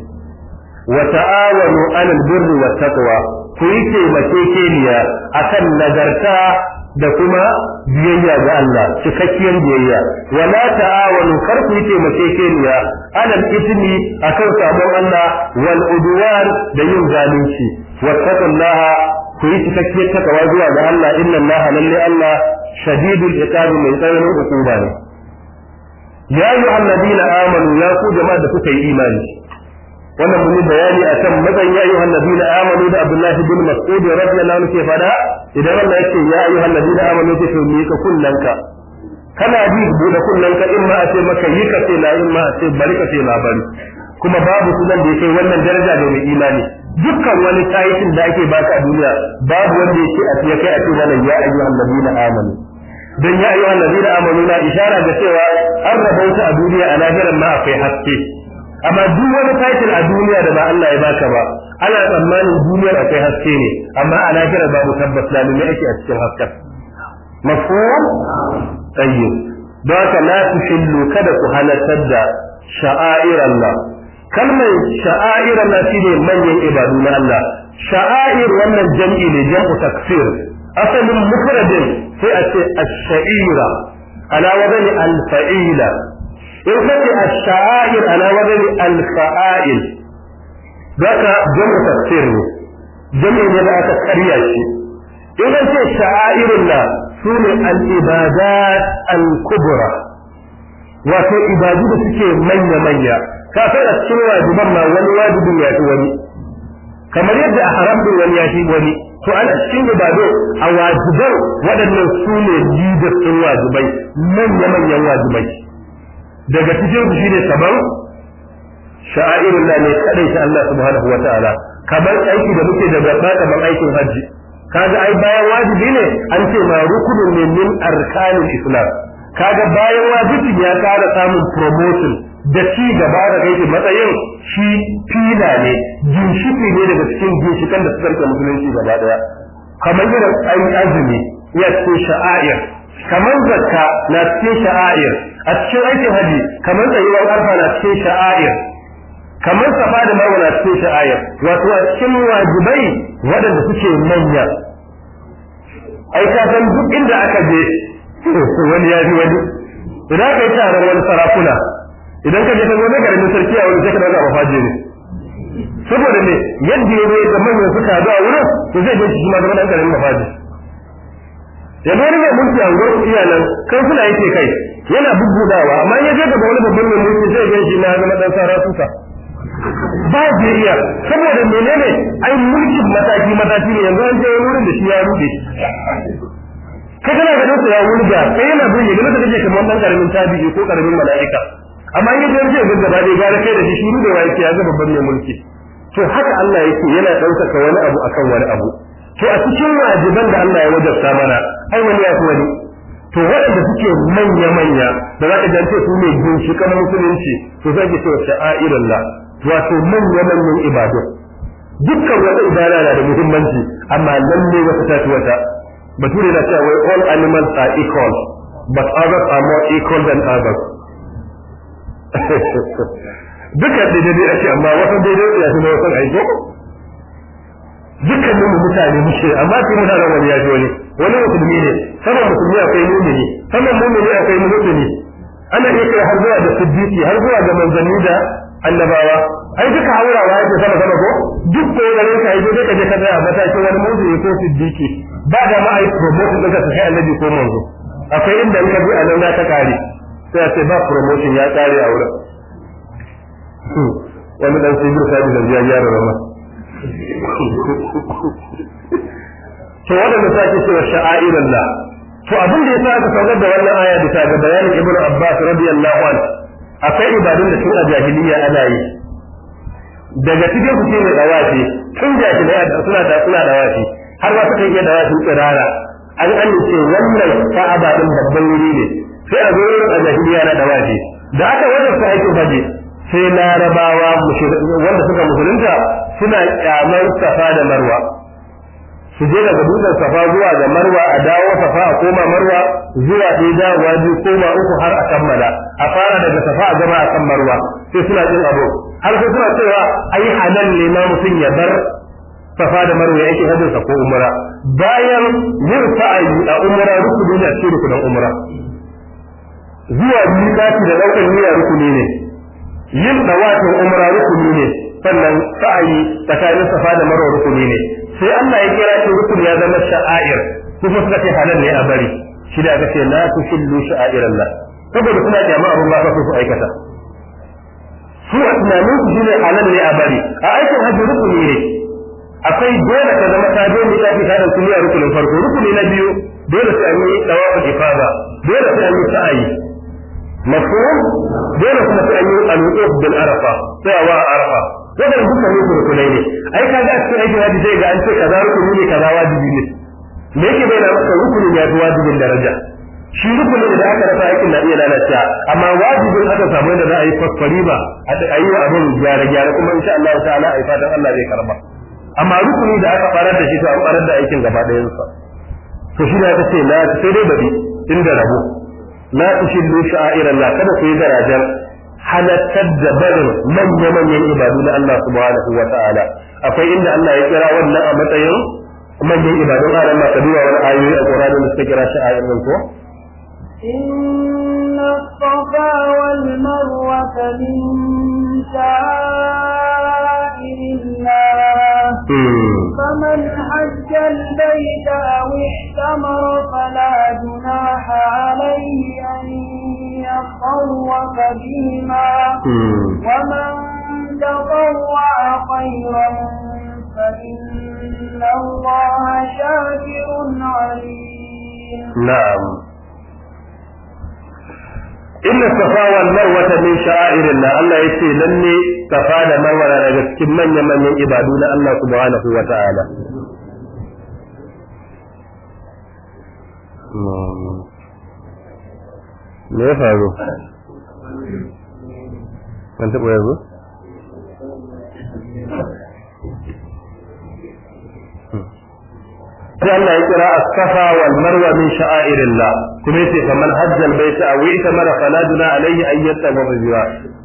wa ta'awanu alal birri wat taqwa ku yi taimakekeniya akan nagarta da kuma biyayya ga Allah cikakkiyar biyayya wala ta'awanu kar ku ce mace niya alal ismi akan sabon Allah wal udwan da yin zalunci taqallaha ku yi cikakkiyar takawa zuwa ga Allah inna Allah lalle Allah shadidul iqab mai tsananin hukuma ne ya ayyuhal ladina amanu ya ku jama'a da kuka yi imani wannan mun bayani akan mazan ya ayyuhan nabiyina amanu da abdullahi bin mas'ud radiyallahu anhu ke fada idan Allah yake ya ayyuhan nabiyina amanu ke to ni ka kullanka kana bi da kullanka in ma a ce maka yi ka ce la in ma a ce bari ka ce la bari kuma babu sunan da yake wannan daraja da mai imani dukkan wani tayitin da ake baka a duniya babu wanda yake a ya kai a ce wannan ya ayyuhan nabiyina amanu dan ya ayyuhan nabiyina amanu na isharar da cewa an rabauta a duniya a lahirin ma akwai haske amma duk wani title a duniya da ba Allah ya baka ba ana tsammanin duniyar akwai haske ne amma a lahira babu tabbas da me ake a cikin hasken mafhum tayyib baka la tushillu kada ku halartar da sha'air Allah kalmar sha'air Allah shine manyan ibadu na Allah sha'air wannan jam'i ne jam'u takfir asalin mufradin sai a ce ash-sha'ira ala wazani al-fa'ila in ka ce ash-sha'air ana wajen al Za ka jama'a tafsir ne jama'a ne da aka karya shi in ka ce sha'airun na sune al-ibadat al-kubra wato ibadu da suke manya manya ka sai a cikin wajiban ma wani wajibin ya fi wani kamar yadda a haram wani ya fi wani to an cikin ibado a wajiban waɗannan su ne lidar sun wajibai manya manyan wajibai daga cikin su shine kamar sha'airun la ne kadai ta Allah subhanahu wataala kamar aiki da muke da da kamar aikin hajji kaga ai bayan wajibi ne an ce ma rukunin ne min arkanul islam kaga bayan wajibi ya kara samun promotion da ci gaba da gaiti matsayin shi fila ne ginshiki ne daga cikin ginshikan da suka rike musulunci gaba daya kamar irin ai azumi ya ce sha'air kamar zakka na cikin sha'air a cikin aikin haji kamar tsayuwar arfa na cikin sha'ayar kamar safa da marwa na cikin sha'ayar wato a cikin wajibai waɗanda suke manya ai ka san duk inda aka je wani ya ji wani idan ka yi taron wani sarakuna idan ka je ka zo garin sarki a wani sai ka daga mafaje ne saboda ne yadda ya zai ga manyan suka haɗu a wurin to zai je shi ma zama ɗan ƙaramin mafaji yanzu wani mai mulki a wurin iyalan kan suna yake kai yana bubbudawa amma in ya je daga wani babban mai mulki zai gan shi na zama dan sara suka ba saboda menene ai mulkin mataki mataki ne yanzu an je wurin da shi ya rude kai kana ga dinsa ya wulga sai yana burge ga da kake kamar dan karamin tabi'i ko karamin mala'ika amma in ya je ga gaba dai gara kai da shi shi da yake ya ga babban mai mulki to haka Allah yake yana ɗaukaka wani abu akan wani abu to a cikin wajiban da Allah ya wajabta mana ai wani ya fi wani to waɗanda suke manya-manya da za ka jance su ne ginshiƙan musulunci to zai ce cewa sha'airin la wato manya-manyan ibadun dukkan wata ibada na da muhimmanci amma lalle wata ta fi wata bature na cewa all animals are equal but others are more equal than others duka daidai ake amma wasu daidai ya fi na wasan aiko dukkanin mutane mushe amma sai muna da wani ya wani wani musulmi ne saman musulmi akwai mumini saman mumini akwai musulmi ana iya kai har zuwa da siddiqi har zuwa da manzanni da annabawa ai duka haurawa yake sama sama ko duk da ka ai duka je ka tsaya mataki wani mumini ko siddiqi ba da ma ai promotion din ka sai annabi ko manzo akwai inda in ka bi anan ta kare sai a ce ba promotion ya kare a wurin hmm. wani dan sibir sabi da ya rama to waɗanda sa ke cewa sha'airullah to abin da yasa aka saukar da wannan aya ta ga bayanin ibn abbas radiyallahu anhu kai ibadun da tun a jahiliya ana yi daga cikin su ne dawafi tun jahiliya suna da suna dawafi har ma suka iya dawafin tsirara an amince wannan ka'aba din babban wuri ne sai a zo a jahiliya na dawafi da aka wajen su aikin baje, sai larabawa wanda suka musulunta suna kyamar safa da marwa su je daga dutsen safa zuwa ga marwa a dawo safa a koma marwa zuwa ɗaya dawowa biyu koma uku har a kammala a fara daga safa a gama a kan marwa sai suna jin abu har sai suna cewa ai halal ne na mutum ya bar safa da marwa yake hajjin sa ko umra bayan yin sa'ayi a umra rukuni ne a cikin rukunin umra zuwa biyu miƙati da ɗaukar miya rukuni ne yin dawatin umra rukuni ne sannan sa'ayi tsakanin safa da marwa rukuni ne sai Allah ya kira shi rukun ya zama sha'air kuma suka ce halal ne a bari shi da aka la tushillu sha'air Allah saboda suna kyama Allah ba su aikata su a tunanin su ne halal ne a bari a aikin hajji rukuni ne akwai dole ka zama ta dole ta fi tare su ne a rukunin farko rukuni na biyu dole sai an yi tawafin ifada dole sai an yi sa'ayi mafhum dole kuma yi al bil arafa sai wa arafa wannan dukkan ne rukunai ne ai ka ga cikin aikin wajibi zai ga an ce kaza rukuni ne kaza wajibi ne me yake bayyana maka rukunin ya fi wajibin daraja shi rukuni da aka rasa aikin na iya lalacewa amma wajibin aka samu yadda za a yi kwaskwari ba a yi wa abin gyara gyara kuma insha Allah ta'ala yi fatan Allah zai karba amma rukuni da aka farar da shi to an farar da aikin gaba ɗayansa to shi na ta ce na sai dai bari inda rabo la tushillu iran la kada ku yi garajen halattar da barin manya-manyan ibadu na Allah subhanahu wa ta'ala akwai inda Allah ya kira wannan a matsayin manyan ibadun a ranar ka duba wani ayoyi a ƙoranin da suka kira shi a yanzu ko إن الصفا والمروة من شعائر فمن حج البيت أو احتمر فلا جناح عليه أن تطوف بهما ومن تطوع خيرا فإن الله شاكر عليم نعم إن الصفا والمروة من شعائر الله الله يتي لني صفا والمروة لك من يمن يبادون الله سبحانه وتعالى نعم me ya faru kan taɓa yanzu sai Allah ya kira a kafa wal marwa min la. kuma yace kamar hajjal baita aw ita mara fala duna alayhi an yattabu biha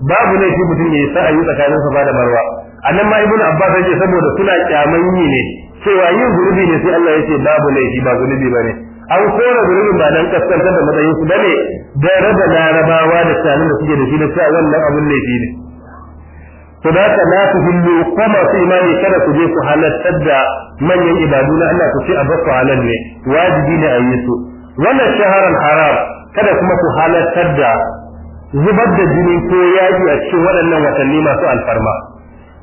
babu ne shi mutum yayi sa'ayi tsakanin safa da marwa annan ma ibnu abbas yake saboda suna kyaman yi ne cewa yin gurbi ne sai Allah yace babu ne shi ba ba bane an kora gurbin ba nan kaskantar da matsayin su bane da raba larabawa da tsanin da suke da shi na cewa wannan abun laifi ne to da ka na ku hillu ko masu imani kada ku je ku halartar da manyan ibadu na Allah ku ce a basu halal ne wajibi ne a yi su wannan shaharar haram kada kuma ku halartar da zubar da jini ko yaƙi a cikin waɗannan watanni masu alfarma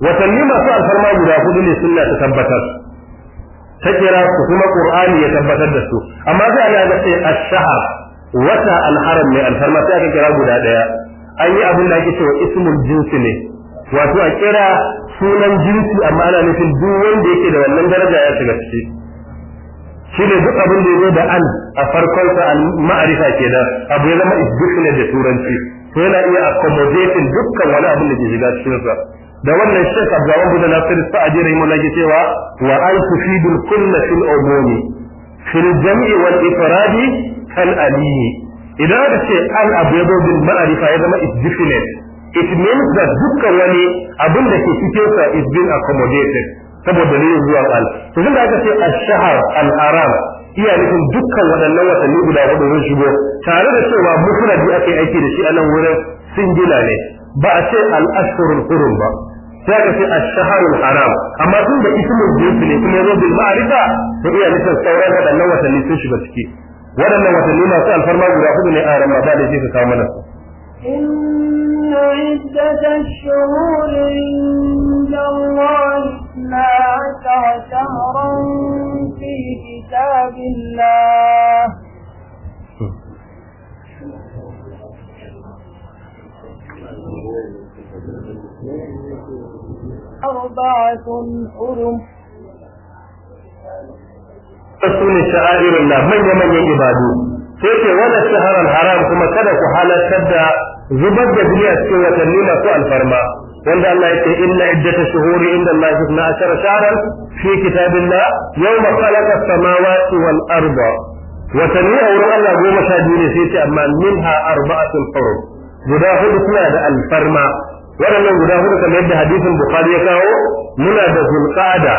watanni masu alfarma guda hudu ne sunna ta tabbatar ta kira su kuma qur'ani ya tabbatar da su amma sai Allah ya ce ash-shahr wata al-haram ne al-harma sai aka kira guda daya an yi abin da ake cewa ismul jinsi ne wato a kira sunan jinsi amma ana nufin duk wanda yake da wannan daraja ya shiga ciki shi ne duk abin da ya da an a farkon sa al ma'arifa kenan abu ya zama isbisne da turanci to yana iya accommodating dukkan wani abin da ke shiga cikin sa da wannan shek abdawan guda na sirri sa'adi rahimu lagi cewa wa an tufidul kulla fil umumi fil jam'i wal ifradi kal aliyi idan aka ce al abu ya bil ma'arifa ya zama is definite it means that dukkan wani abin da ke cikin sa is being accommodated saboda ne zuwa al to da aka ce a shahar al-haram iya nufin dukkan waɗannan watanni guda hudu sun shigo tare da cewa mufradi ake aiki da shi a nan wurin singila ne ba a ce al-ashhurul hurum ba sai aka ce ash-shahrul haram amma tun da ismul jinsi ne kuma yazo bil ma'rifa to iya nufin sauran waɗannan watanni sun shiga ciki waɗannan watanni masu alfarma guda hudu ne a ramadan da ka kawo mana su إن عدة الشهور عند الله اثنا عشر شهرا في كتاب الله أربعة حرم فسون شعائر الله من يمن يبادو sai ce wannan shaharar haram kuma kada ku halartar da zubar da duniya cikin watanni masu alfarma wanda Allah yake inna iddata shuhuri inda Allah na ashara shahran fi kitabillah yawma khalaqa samawati wal arda watanni a wurin Allah goma sha biyu ne sai ce amma minha arba'atul hurum guda hudu suna da alfarma waɗannan guda hudu kamar yadda hadisin bukhari ya kawo muna da zulqa'ada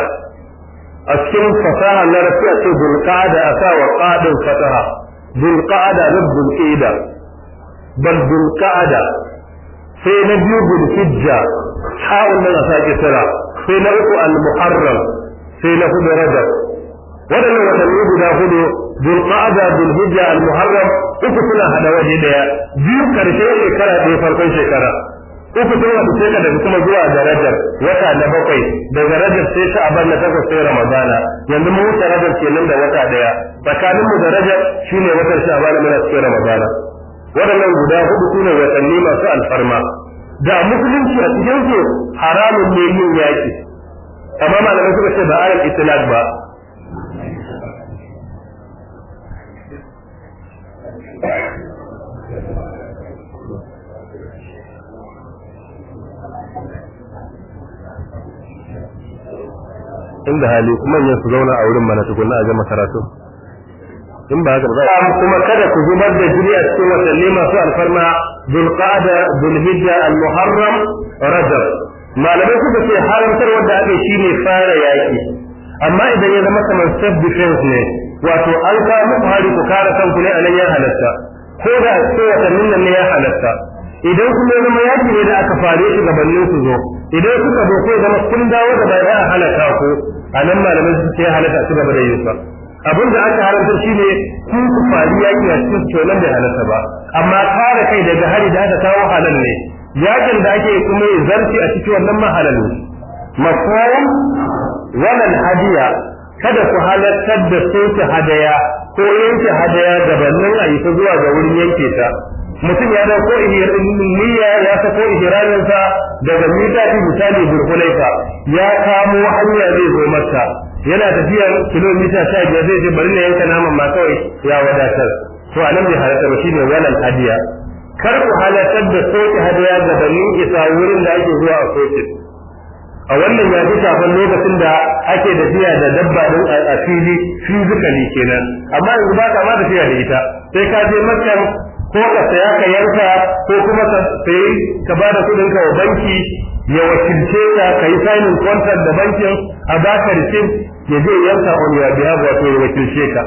a cikin fasaha na rafi a ce zulqa'ada a sa wa qadin fataha zulqa'ada na zulqa'ida bal zulqa'ada sai na biyu zulhijja ha'un nan a sake tara sai na uku al-muharram sai na hudu rajab waɗannan watanni guda hudu zulqa'ada zulhijja al-muharram uku suna hada waje daya biyu karshe shekara ɗaya farkon shekara uku sun wata sai ka daga kuma zuwa ga rajab wata na bakwai daga rajab sai sha'aban na takwas sai ramadana yanzu mu wuce rajab kenan da wata daya tsakanin mu da rajab shine watan sha'aban muna cikin ramadana waɗannan guda hudu sune watanni masu alfarma da musulunci a cikin su haramun ne yin yaki amma malamai suka ce ba alal itlaq ba In da hali manyan su zauna a wurin mana tukunna a gama karatu in ba haka ba kuma kada ku zubar da jini a cikin watanni masu alfarma zulqa'ada hijja al-muharram rajab malamai suka ce haramtar wanda ake shine fara yaki amma idan ya zama kamar self defense ne wato an ka muku hari ku kare kanku ne anan ya halatta ko da ko watannin nan ne ya halatta idan kuma zama yaki ne da aka fare shi gabanin su zo idan suka zo ko zama kun dawo da bayan a halatta ku anan malamai su ce halatta su gaba da yusa abin da aka haramta shine ku ku fari yaki a cikin tonan da halatta ba amma kare kai daga hari da aka kawo halal ne yakin da ake kuma zarfi a cikin wannan mahalal ne mafhum wannan hadiya kada ku halartar da soke hadaya ko yanke hadaya gabanin a yi ta zuwa ga wurin yanke ta mutum ya dauko niyya ya sako ihraminsa daga mitati misali burkulaifa ya kamo hanya zai zo mata yana tafiya kilomita sha biyar zai je bari na yanka naman ma kawai ya wadatar to a nan bai halatta ba shine walal hadiya kar ku halartar da soke hadaya gabanin isa wurin da ake zuwa a soke a wannan ya fi shafan lokacin da ake tafiya da dabba din a fili ne kenan amma yanzu ba ka ma tafiya da ita sai ka je makkan ko ka saya ka yanka ko kuma ka sayi ka ba da kuɗin ka wa banki ya wakilce ka ka yi signing contract da bankin a ba ka rikin ya je yanka on your behalf wato ya wakilce ka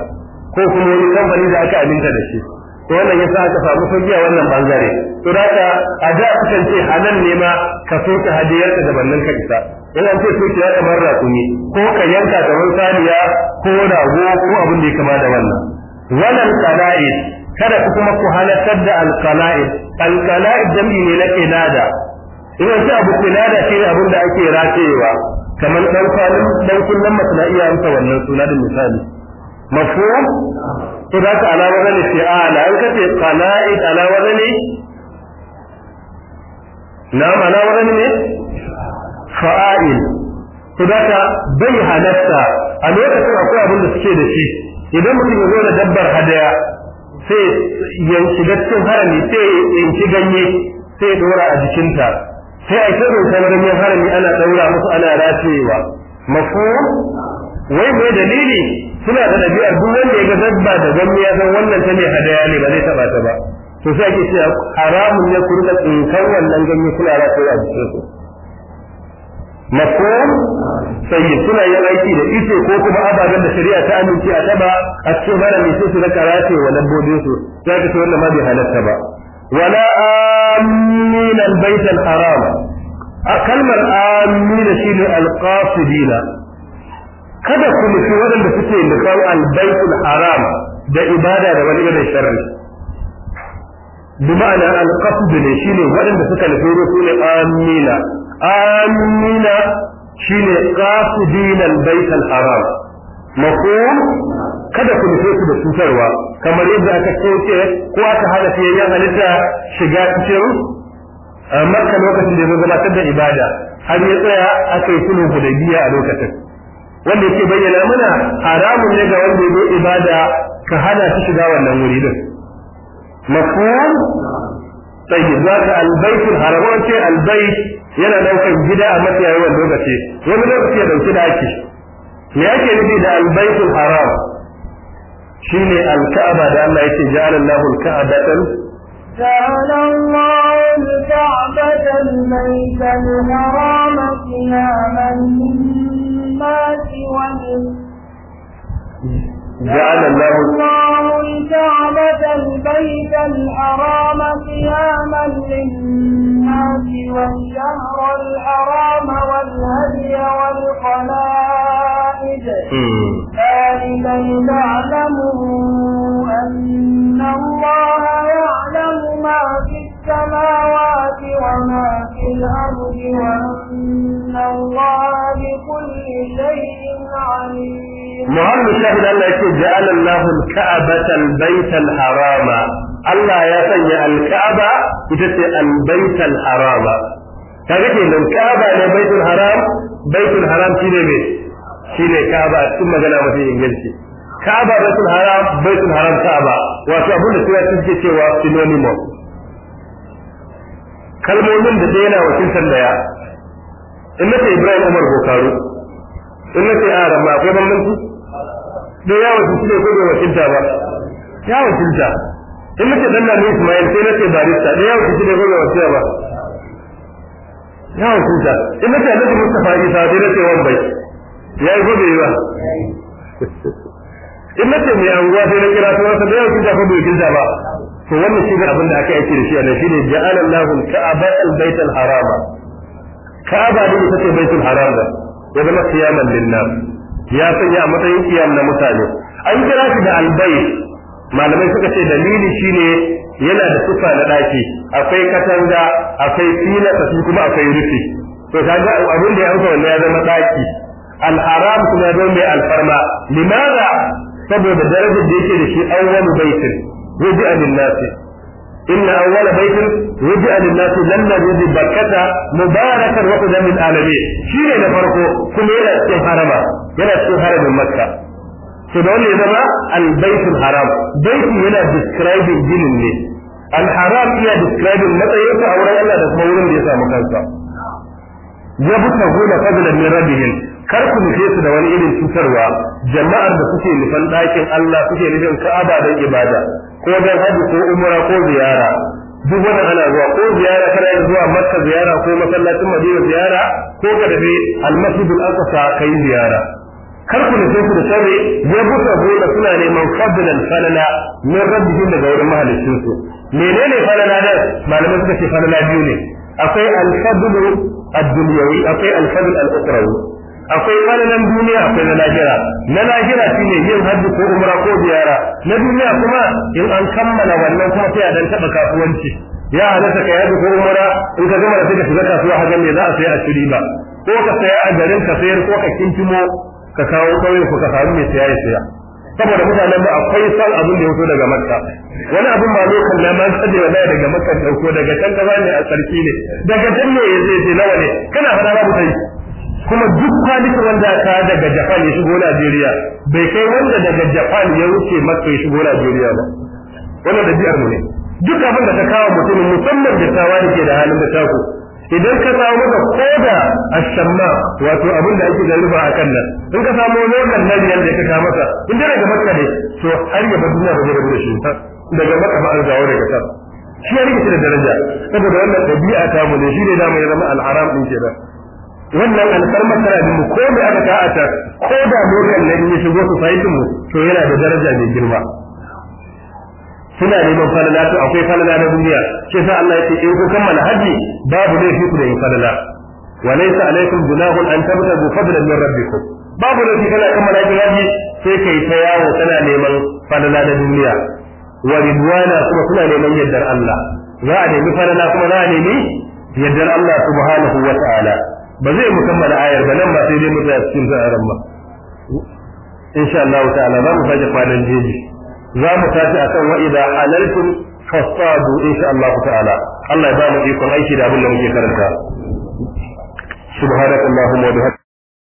ko kuma wani kamfani da aka aminta da shi to wannan yasa aka samu sauki a wannan bangare to da ka a da kukan ce halan ne ma ka so ka hadiyar ka da bannin ka isa yana ce so ki kamar ne ko ka yanka da wani saniya ko rago ko abin da ya kama da wannan wannan qala'i kada ku kuma ku halartar da alqala'i alqala'i jami'i ne na qilada Ina ce abu qilada shi ne abin da ake ratewa kamar dan kwalin dan kullum mace amsa wannan suna da misali mafhum to da ka ala wazani ala ah, an kace qala'id ala wazani na ala wazani ne fa'il to da ka bai halatta a lokacin akwai abin da suke da shi idan mutum ya zo da dabbar hadaya sai ya shiga cikin harami sai ya ci ganye sai ya dora a jikinta sai a kira rotar ganye harami ana daura musu ana ratewa mafu wai mai dalili suna da ɗabi'a duk wanda ya ga zabba da ganye ya san wannan ta mai hadaya ne ba zai taɓa ta ba to sai ake cewa haramun ya ku tsinkan wannan ganye suna rataye a jikin ku mafhum sayyid suna yin aiki da ice ko kuma ababen da shari'a ta amince a taba a cikin bara mai sai su rika rataye wa dabbobin su sai ka ce wannan ma bai halatta ba wala amin albayt alharam a kalmar amin shine alqasidina kada ku nufi waɗanda suke nufar albaitul haram da ibada da wani irin sharri bi ma'ana alqasd ne shine waɗanda suka nufi ruku ne amina amina shine qasidin albaitul haram mafhum kada ku nufi su da cutarwa kamar yadda aka kauce ko aka hada fiyayyen halitta shiga cikin makka lokacin da ya zama da ibada har ya tsaya aka yi sulhu da biya a lokacin wanda yake bayyana mana haramun ne ga wanda ya zo ibada ka hana shi shiga wannan wuri din mafhum tayyib zaka albaytul haram wace albayt yana daukar gida a mafiya yawan lokaci wani lokaci ya dauki daki me yake nufi da albaytul haram shine alka'aba da Allah yake ja'ala Allahu alka'abatan ja'ala Allahu alka'abatan laysa al-harama qiyaman الناس ومن جعل الله الله الكعبة البيت الحرام قياما للناس والشهر الحرام والهدي والقلائد ذلك لتعلموا أن الله يعلم ما في السماوات وما في الأرض وأن Muhammadu إن الله بكل شيء عليم محمد شاهد الله يقول جعل الله الكعبة البيت الحرام الله يا سنة الكعبة يتسي البيت الحرام kaga kenan Ka'aba ne Baitul Haram Baitul Haram shine me shine Ka'aba cikin magana mafi inganci Ka'aba Baitul Haram Baitul Haram Ka'aba wato abin da sai suke cewa synonymous kalmomin da yana wakiltar daya in nake Ibrahim Umar bokaru in nake a ma akwai bambanci da ya su ne ko bai wakilta ba ya wakilta in nace dan Lami Ismail sai nake barista da ya su ne ko bai wakilta ba ya wakilta in nace nake mustapha Isa sai nake Wambai ya yi gobe yi ba in nake mai anguwa sai na kira sunan sa da ya wakilta ko wakilta ba to wannan shi ne abin da aka yi da shi a nan shine ja'ala Allahu kaaba al al-Harama kaba da ita ce baitul haram da ya zama siyaman linnas ya sanya a matsayin qiyam na mutane an kira shi da albai malamai suka ce dalili shine yana da sufa na daki akwai katanga akwai fila kuma akwai rufi to kaga abin da ya auka wannan ya zama daki al-haram kuma don mai alfarma Limara. saboda darajar da yake da shi awwalu baitin zai a إن أول بيت وجع للناس لما يجي بكة مباركا وقدا من العالمين Shi ne na farko, إلى yana إلى السهرم مكة to da wannan ya zama albaitul haram baiti yana describing ginin ne al haram iya describing matsayin sa a Allah da kuma wurin da ya samu kansa yabtaguna fadlan min rabbihim kar ku nufe su da wani irin cutarwa jama'ar da suke nufan ɗakin Allah suke nufin Ka'aba da ibada ko don haji ko umra ko ziyara duk wani ana zuwa ko ziyara kana yin zuwa Makka ziyara ko masallacin Madina ziyara ko ka tafi Al-Masjid Al-Aqsa kai ziyara kar ku nufe su da sharri gona suna neman fadlan falala min rabbihim daga wurin su, menene falala da malamai suka ce falala biyu ne akwai al-fadlu ad-dunyawi akwai al-fadl akwai falalan duniya akwai na nahira. na lahira ne yin hajji ko umura ko ziyara na duniya kuma in an kammala wannan kuma sai a dan kasuwanci ya halatta ka yaji ko umra in ka gama da sai ka shiga kasuwa hakan ne za a sai a shiri ba ko ka saya a garin ka sayar ko ka kintimo ka kawo kauyen ku ka samu mai saya ya saya saboda mutanen ba akwai san abin da ya fito daga makka wani abin ba zai kalla na man da wala daga makka da ko daga can kaza ne a sarki ne daga can ne ya zai nawa ne kana fara babu sai kuma duk kwalifi wanda ka daga Japan ya shigo Najeriya bai kai wanda daga Japan ya wuce makka ya shigo Najeriya ba wannan da biyar mu ne duk abin da ta kawo mutumin musamman da tawa da ke da halin da taku idan ka samu da koda ashamma wato abin da ake da rufa a kan nan in ka samu wannan na da ka ka masa in dai daga makka ne to har ya bar duniya ba zai rabu shi daga makka ba an daga shi ya rike da daraja saboda wannan dabi'a ta mu ne shi ne da mu zama al'aram din kenan wannan alfarmar tana da mu ko da aka ta'ata ko da lokacin nan ya shigo su fa'itin mu to yana da daraja mai girma suna neman falala to akwai falala na duniya shi sa Allah yake in ku kammala haji babu laifi ku da yin falala wa laysa alaykum gunahun an tabtagu fadlan min rabbikum babu laifi kana kammala aikin haji sai kai ta yawo kana neman falala na duniya wa ridwana kuma kuna neman yaddar Allah za a nemi falala kuma za a nemi yaddar Allah subhanahu wa ta'ala ba zai mu kammala ayar ba nan ba sai dai mu tsaya cikin sa'aran ba insha Allah ta'ala ba mu sake kwanan jeji za mu tafi akan wa idza halaltum fasadu insha Allah ta'ala Allah ya ba mu ikon aiki da abin da muke karanta subhanakallahumma wa bihamdika